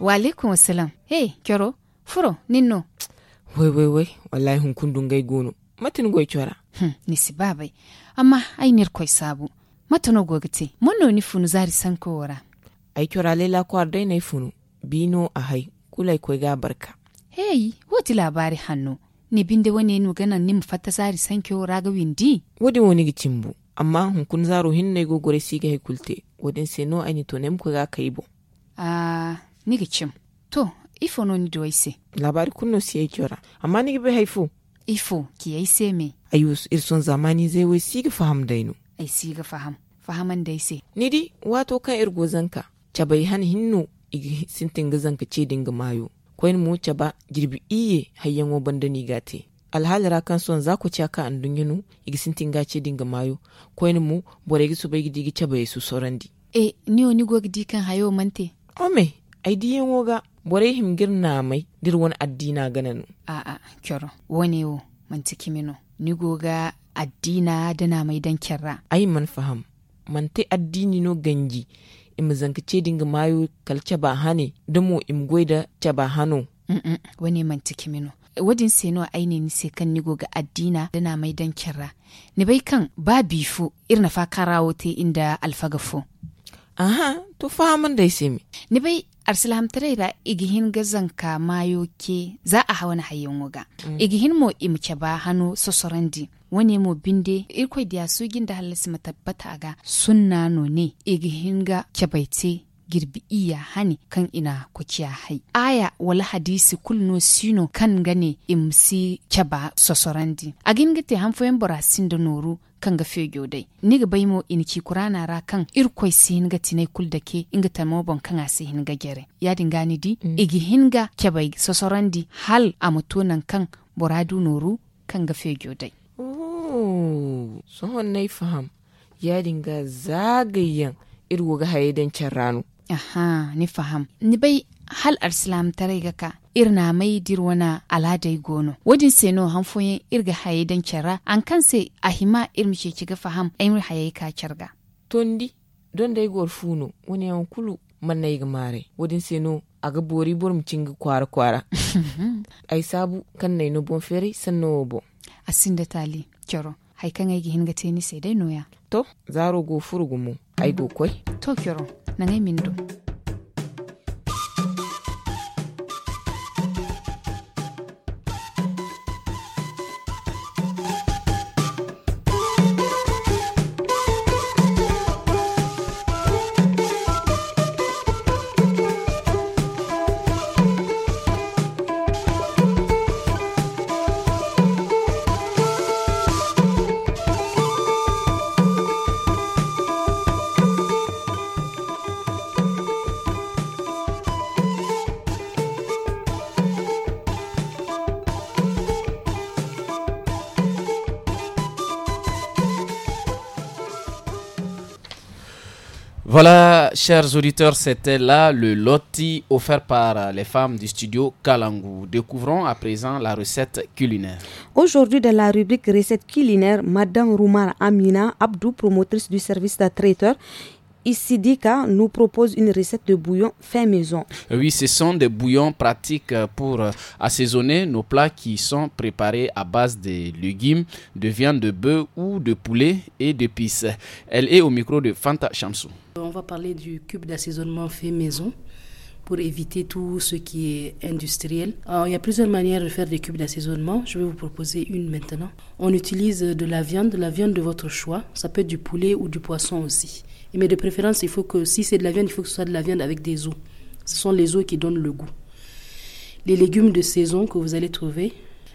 Wa salam. Hey, kyoro, furo, ninno. Wai wai wai, wallahi hun kun dungai gono. Matin goy kyora. Hmm, nisi babai. Amma ai nir koy sabu. Matano gogite, mono ni funu zari sanko wara. Ai kyora lela kwar dai nai funu. Bino a hai, kulai koy ga barka. Hey, wati labari hannu. Ni binde wani nu ganan ni mu fatta zari sanko wara ga windi. Wadi wani gicin bu. amma hunkun zaro hin ne gogore siga hekulte wadin se no ani to nem ko ga kaibo a ah, nigi cim. to ifo no ni se. labari kunno si ejora amma nigi be haifu ifo ki yai se me ayus irson zamani zai wai si faham dainu ai si ga faham fahaman daise se. nidi wato kan irgo zanka cabai han hinno igi sintin ga zanka ce dinga mayo koyin mu caba jirbi iye hayyan wo bandani gate alhalara kan son za ku ci aka an dunyinu sintin tinga ce dinga mayo koyin mu bore gi su bai gidi gice bai su sorandi e ni oni go kan hayo mante ome ai diyen woga bore him girna mai dir wani addina ganin. a a kyoro wani wo man mino ni goga addina dana mai dan kyarra ai man faham man te addini no gangi im zankace dinga mayo kalce ba hane damo im goida ce ba hano wani man mino wadin seno aini ni sai kan nigo ga addina dana mai dan kyarra ni bai kan ba bifu irna fa karawo te inda alfagafo aha to fahaman dai semi ni bai arsilamtarayra igihin gazanka mayo ke za a hawa na hayin wuga igihin mo imke ba hannu sosorandi wani mo binde irkoi da su ginda halasi matabbata ga sunna no ne igihin ga kebaite girbi iya hani kan ina kukiya hai aya wala hadisi kulno sino kan gane imsi keba sosorandi agin gite hanfoyin barasin da noru kan ga fegyo dai ga bai mo in ki kurana ra kan irkoi si ga tinai kul da ke inga ta bon kan asi ga gere ya dinga ni di Igi hin ga. ke mm. bai sosorandi hal a mutunan kan buradu noru kan ga fegyo dai oh sohon nai faham ya dinga zagayen irwo ga hayedan can rano aha ni faham ni bai hal arslam tarayga ka irna mai dirwana aladai gono wajin seno hanfoyin irga haye dan cara an kanse ahima ce kiga faham aimir haye ka carga tondi don dai gor funo wani kulu man na mare wadin seno a ga bori borum cinga kwara kwara ai sabu kan na no bon fere no bo asin da tali coro hai kan ai gihin ga teni sai dai noya to zaro go furugumu ai go koi to coro na ngai mindo Voilà, chers auditeurs, c'était là le loti offert par les femmes du studio Kalangu. Découvrons à présent la recette culinaire. Aujourd'hui, dans la rubrique recette culinaire, Madame Roumar Amina Abdou, promotrice du service de traiteur, ICDK nous propose une recette de bouillon fait maison. Oui, ce sont des bouillons pratiques pour euh, assaisonner nos plats qui sont préparés à base de légumes, de viande de bœuf ou de poulet et d'épices. Elle est au micro de Fanta Chamsou. Euh, on va parler du cube d'assaisonnement fait maison pour éviter tout ce qui est industriel. il y a plusieurs manières de faire des cubes d'assaisonnement. Je vais vous proposer une maintenant. On utilise de la viande, de la viande de votre choix. Ça peut être du poulet ou du poisson aussi. Mais de préférence, il faut que si c'est de la viande, il faut que ce soit de la viande avec des os. Ce sont les os qui donnent le goût. Les légumes de saison que vous allez trouver,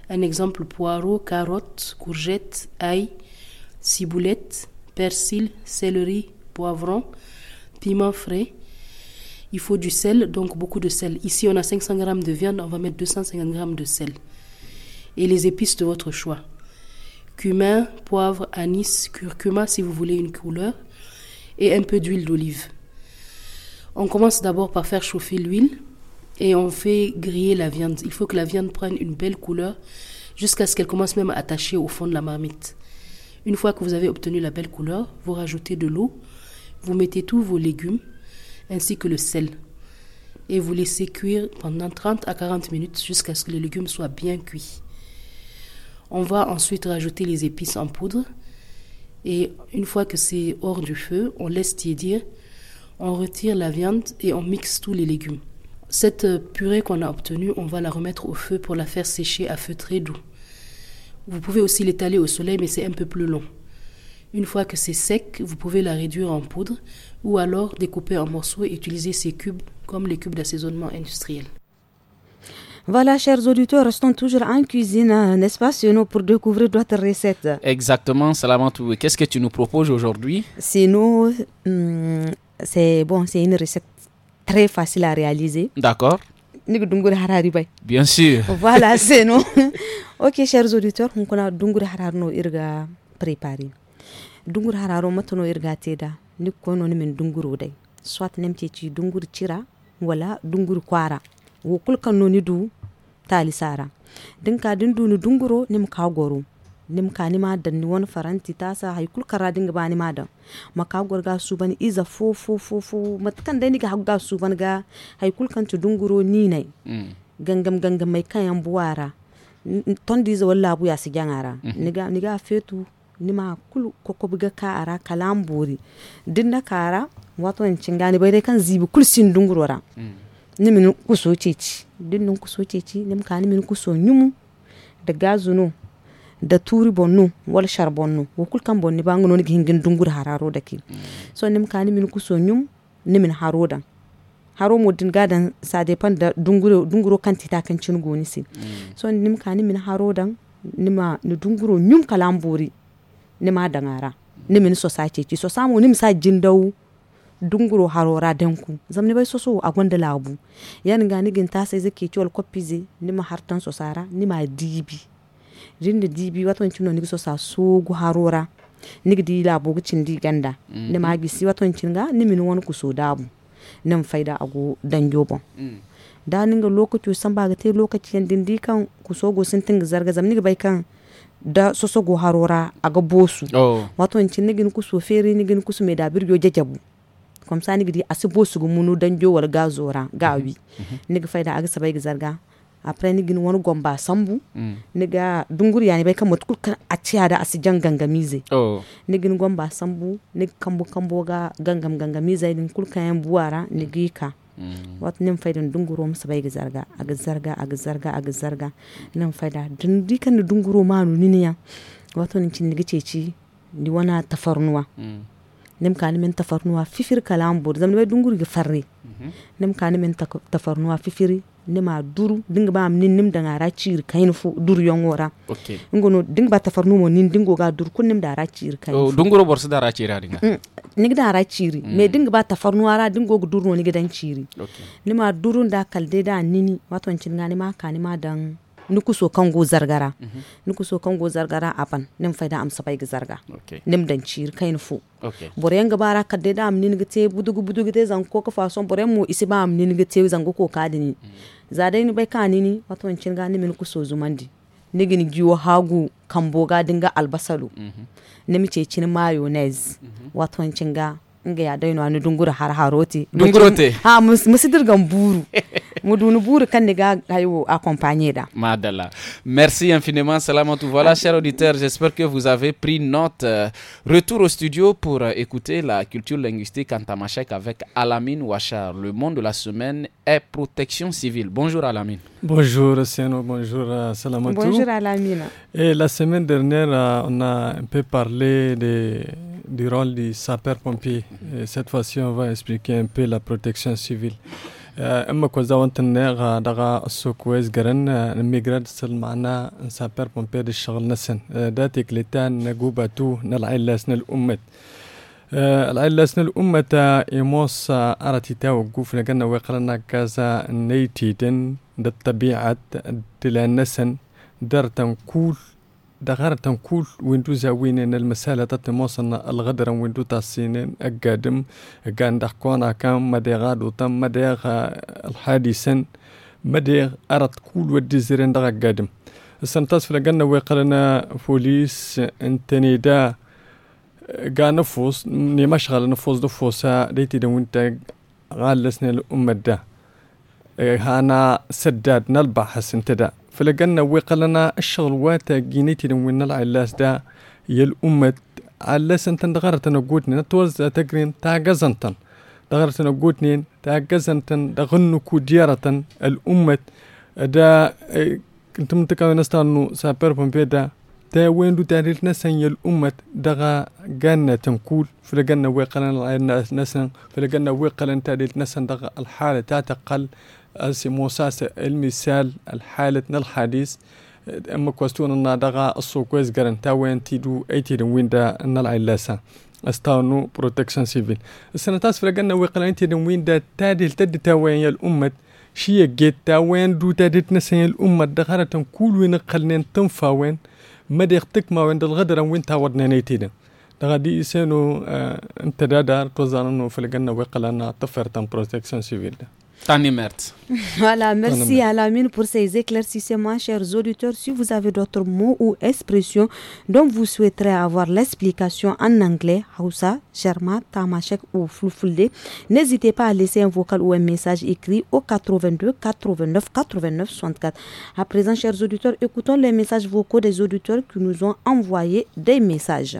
un exemple poireaux, carottes, courgettes, ail, ciboulette, persil, céleri, poivron, piment frais. Il faut du sel, donc beaucoup de sel. Ici, on a 500 g de viande, on va mettre 250 g de sel. Et les épices de votre choix. Cumin, poivre, anis, curcuma si vous voulez une couleur un peu d'huile d'olive. On commence d'abord par faire chauffer l'huile et on fait griller la viande. Il faut que la viande prenne une belle couleur jusqu'à ce qu'elle commence même à attacher au fond de la marmite. Une fois que vous avez obtenu la belle couleur, vous rajoutez de l'eau, vous mettez tous vos légumes ainsi que le sel et vous laissez cuire pendant 30 à 40 minutes jusqu'à ce que les légumes soient bien cuits. On va ensuite rajouter les épices en poudre et une fois que c'est hors du feu, on laisse tiédir, on retire la viande et on mixe tous les légumes. Cette purée qu'on a obtenue, on va la remettre au feu pour la faire sécher à feu très doux. Vous pouvez aussi l'étaler au soleil, mais c'est un peu plus long. Une fois que c'est sec, vous pouvez la réduire en poudre ou alors découper en morceaux et utiliser ces cubes comme les cubes d'assaisonnement industriel. Voilà, chers auditeurs, restons toujours en cuisine, n'est-ce pas, Sino, pour découvrir d'autres recettes. Exactement, Salamantou. Qu'est-ce que tu nous proposes aujourd'hui Sino, hum, c'est bon, c'est une recette très facile à réaliser. D'accord. Bien sûr. Voilà, c'est ok, chers auditeurs, on connaît Dungur Hararno Irga préparé. Dungur Hararo Matono Irga Teda. Nous connaissons Dungur Odei. Soit Nemtichi Dungur Chira, voilà Dungur Kwara. wo kan no ni du tali sara din ka din du ni dunguro nim ka goro nim ka ni ma dan ni won faranti ta sa hay kul kara din ga bani ma dan maka gorga su bani iza fo fo fo fo matkan dai ni ga ga su ban ga hay kul kan tu dunguro ni ne mm. gangam gangam mai kan yan buwara ton diza walla bu ya jangara mm-hmm. ni ga ni ga fetu ni ma kul koko biga ka ara kalam buri din na kara wato in cingani bai dai kan zibi kul sin dungurora mm. nimin kuso ceci dinnin kuso ceci nim ka nimin kuso nyumu da gazuno da turi bonno wal shar bonno wo kul kan bonni bangu non gin gin dungur hararo da ki so nim ka nimin kuso nyum nimin harodan haro mo din gadan sa pan da dunguro dunguro kan tita kan cin goni si so nim ka nimin harodan nima ni dunguro nyum kalambori nima dangara nimin so sa ceci so samu nim sa jindawu dunguro harora denku zamni bai soso a gonda labu yan ga nigin ta sai zake ciwal kopize nima hartan so sara nima dibi rinda dibi waton cin nigi so sa sogu harora nigi di labu gicin di ganda mm-hmm. nima gisi waton cin ga nimin wani ku so dabu nan faida ago dan jobon mm. da ninga lokaci san ba ga te lokaci yan dindi kan ku sogo sun tinga zarga zamni bai kan da sosogo harora aga bosu oh. waton cin gin ku so feri gin ku so me da birgo jajabu komsa ni gidi asibo sugu munu dan jowar ga zora gawi mhm. mhm. niga fayda aga sabai gizarga zarga ni nigin wani gomba sambu mm. niga dungur yani bai kama tukul kan a ciya da asi jan gangamize oh. nigin gomba sambu nig kambu kambu ga gangam gangamize din kul kan yan buwara nigi ka mm. wat nin fayda dunguro musu bai gizarga zarga aga zarga aga zarga aga zarga nin fayda din dikan dunguro ma nuni ya wato ni cin nigi ceci ni wana tafarnuwa mm. nem kani men tafarnuwa fifir kalan bor zam be dungur ga farre nem kani men tafarnuwa fifiri nima mhm. duru dinga ba am nin nim da ngara cir kain fu dur yongora okay ngono dinga ba tafarnu mo nin dingo ga dur kun nim da ra cir kain oh dunguru bor da ra cir ra dinga mm, nig da ra ciri mm. me dinga ba tafarnu ara dingo gu dur no ni gidan ciri nima duru da kalde da nini wato cin ga ma kani ma dan nukuso kango zargara mm -hmm. nukuso kango zargara apan nem fayda am sabay ga zarga okay. nim dan cir kain fu okay. bore yanga bara kadde da am nin gite budugu budugu te zan ko ka fason bore mu isi ba am nin gite zan ko ko kadini ni mhm. za dai ni bai kanini wato wancin ga nim so zumandi nigin giwo hagu kamboga dinga albasalu mm -hmm. nimi ce cin mayonnaise mm -hmm. wato wancin ga madala merci infiniment Salamantou. voilà ah. chers auditeurs j'espère que vous avez pris note euh, retour au studio pour euh, écouter la culture linguistique en tamashek avec Alamine Ouachar le monde de la semaine est protection civile bonjour Alamine Bonjour c'est un bonjour euh, Salamatou. Bonjour Alamina. Et la semaine dernière, euh, on a un peu parlé du rôle du sapeur-pompier. Cette fois-ci, on va expliquer un peu la protection civile. Emma Kwaza Wantener, Dara Sokwez Garen, euh, Migrad Un sapeur-pompier de Charles Nassen. Date que l'État n'a pas tout, n'a pas l'aise, n'a pas آه، لسنا الأمة إيموس أرتي تاو قوف لقنا ويقرنا كازا نيتيدن دا الطبيعة دلا نسن دار تنكول دغار تنكول ويندو ان المسالة تتموصن الغدر ويندو تاسينين أقادم أقان دحكونا كام مديغادو تم مديغ الحادثن مديغ أرت كول وديزيرين دغا أقادم السنتاس فلقنا ويقرنا فوليس انتني دا قانفوس نمشغل نفوس دفوسا ديتي دو انت غالسنا الأمة دا إيه، هانا سداد نلبا حسن تدا فلقنا ويقلنا الشغل واتا جينيتي دو نلعب اللاس دا يا الأمة علاس انت دغرت نقوتني نتوزا تقرين تا قزنتن دغرت قوتني تا قزنتن دغنو كوديرة الأمة دا إيه، كنتم تكاو نستانو سابر بمبيدا تا وين دو تاريخ نسن يل الأمة دغا قالنا تمكول في جنة ويقلن نسن في جنة ويقلن تاريخ نسن دغا الحالة تتقل أسي موساس المثال الحالة الحديث أما كوستون أن دغا السوكويز جرن تا وين تيدو أي أيتيرن وين دا نلعي لسا استانو بروتكشن سيفيل السنة تاس في جنة ويقلن أيتيرن وين دا تاريخ تد تا وين يل الأمة شيء جيت تا وين دو تاريخ نسن يل الأمة دغا تنكول وين قلن تنفا وين مديق تكما وند الغدر وين تاود نانيتيدن دغادي يسانو آه، انت دادا توزانو في الجنة ويقلنا تفرتن بروتكسيون سيفيل Voilà, merci à la mine pour ces éclaircissements, chers auditeurs. Si vous avez d'autres mots ou expressions dont vous souhaiterez avoir l'explication en anglais, Hausa, Sherma, Tamashek ou Fulfulde, n'hésitez pas à laisser un vocal ou un message écrit au 82 89 89 64. À présent, chers auditeurs, écoutons les messages vocaux des auditeurs qui nous ont envoyé des messages.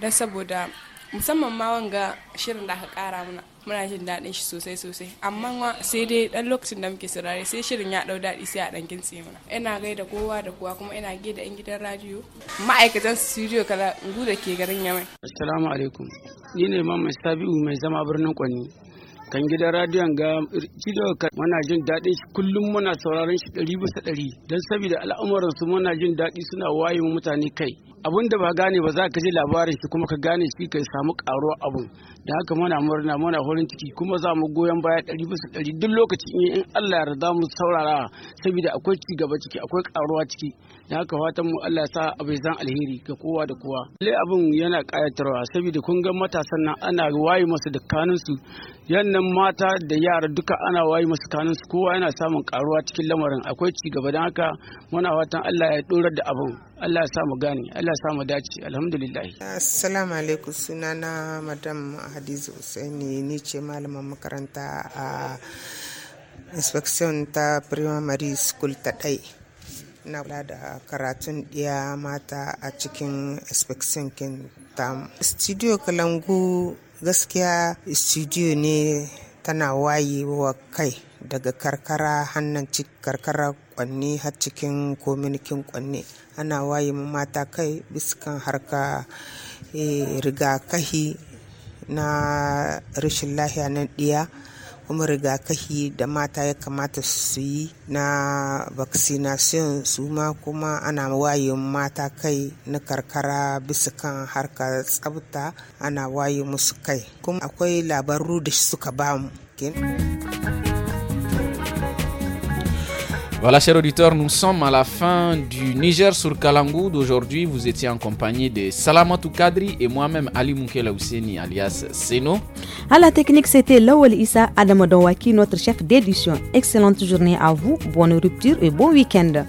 don saboda musamman ma wanga shirin da aka kara muna jin daɗin shi sosai sosai amma sai dai ɗan lokacin da muke saurari sai shirin ya ɗau daɗi sai a ɗan kintse mana ina da kowa da kowa kuma ina da yan gidan radiyo ma'aikatan studio kala ngu da ke garin yamai assalamu alaikum ni ne mai sabiu mai zama birnin kwani kan gidan radiyon ga kido muna jin daɗin shi kullum muna sauraron shi ɗari bisa ɗari don saboda al'amuransu muna jin daɗi suna waye mutane kai abun da ba gane ba za ka ji labarin shi kuma ka gane shi Kai samu karuwa abun da haka muna murna muna horin ciki kuma za mu goyon baya ɗari bisa ɗari duk lokacin in Allah ya rada mu saurara saboda akwai ci gaba ciki akwai karuwa ciki da haka fatan mu Allah ya sa abai zan alheri ga kowa da kowa lai abun yana kayatarwa saboda kun ga matasan nan ana waye masa da kanunsu yannan mata da yara duka ana waye masa kanunsu kowa yana samun karuwa cikin lamarin akwai ci gaba don haka muna fatan Allah ya dorar da abun Allah ya sa mu gane Allah ya mu dace alhamdulillah assalamu alaikum sunana madam hadiza usaini ni ce malaman makaranta a inspection ta primary school ta ɗai na kula da karatun ɗiya mata a cikin inspection kin ta studio kalangu gaskiya studio ne tana wayewa kai daga karkara hannun karkara kwanne har cikin kominikin kwanne ana waye mata kai biskan harka eh, rigakahi na rashin lahiya na ɗiya kuma rigakahi da mata ya kamata su yi na vaccination su ma kuma ana waye mata kai na karkara biskan harka tsabta ana waye musu kai kuma akwai labaru da suka ba bamu. Voilà, chers auditeurs, nous sommes à la fin du Niger sur Kalangou d'aujourd'hui. Vous étiez en compagnie de Salamatou Kadri et moi-même Ali Moukela Ousseni alias Seno. À la technique, c'était Lawal Issa Adamodawaki, notre chef d'édition. Excellente journée à vous, bonne rupture et bon week-end.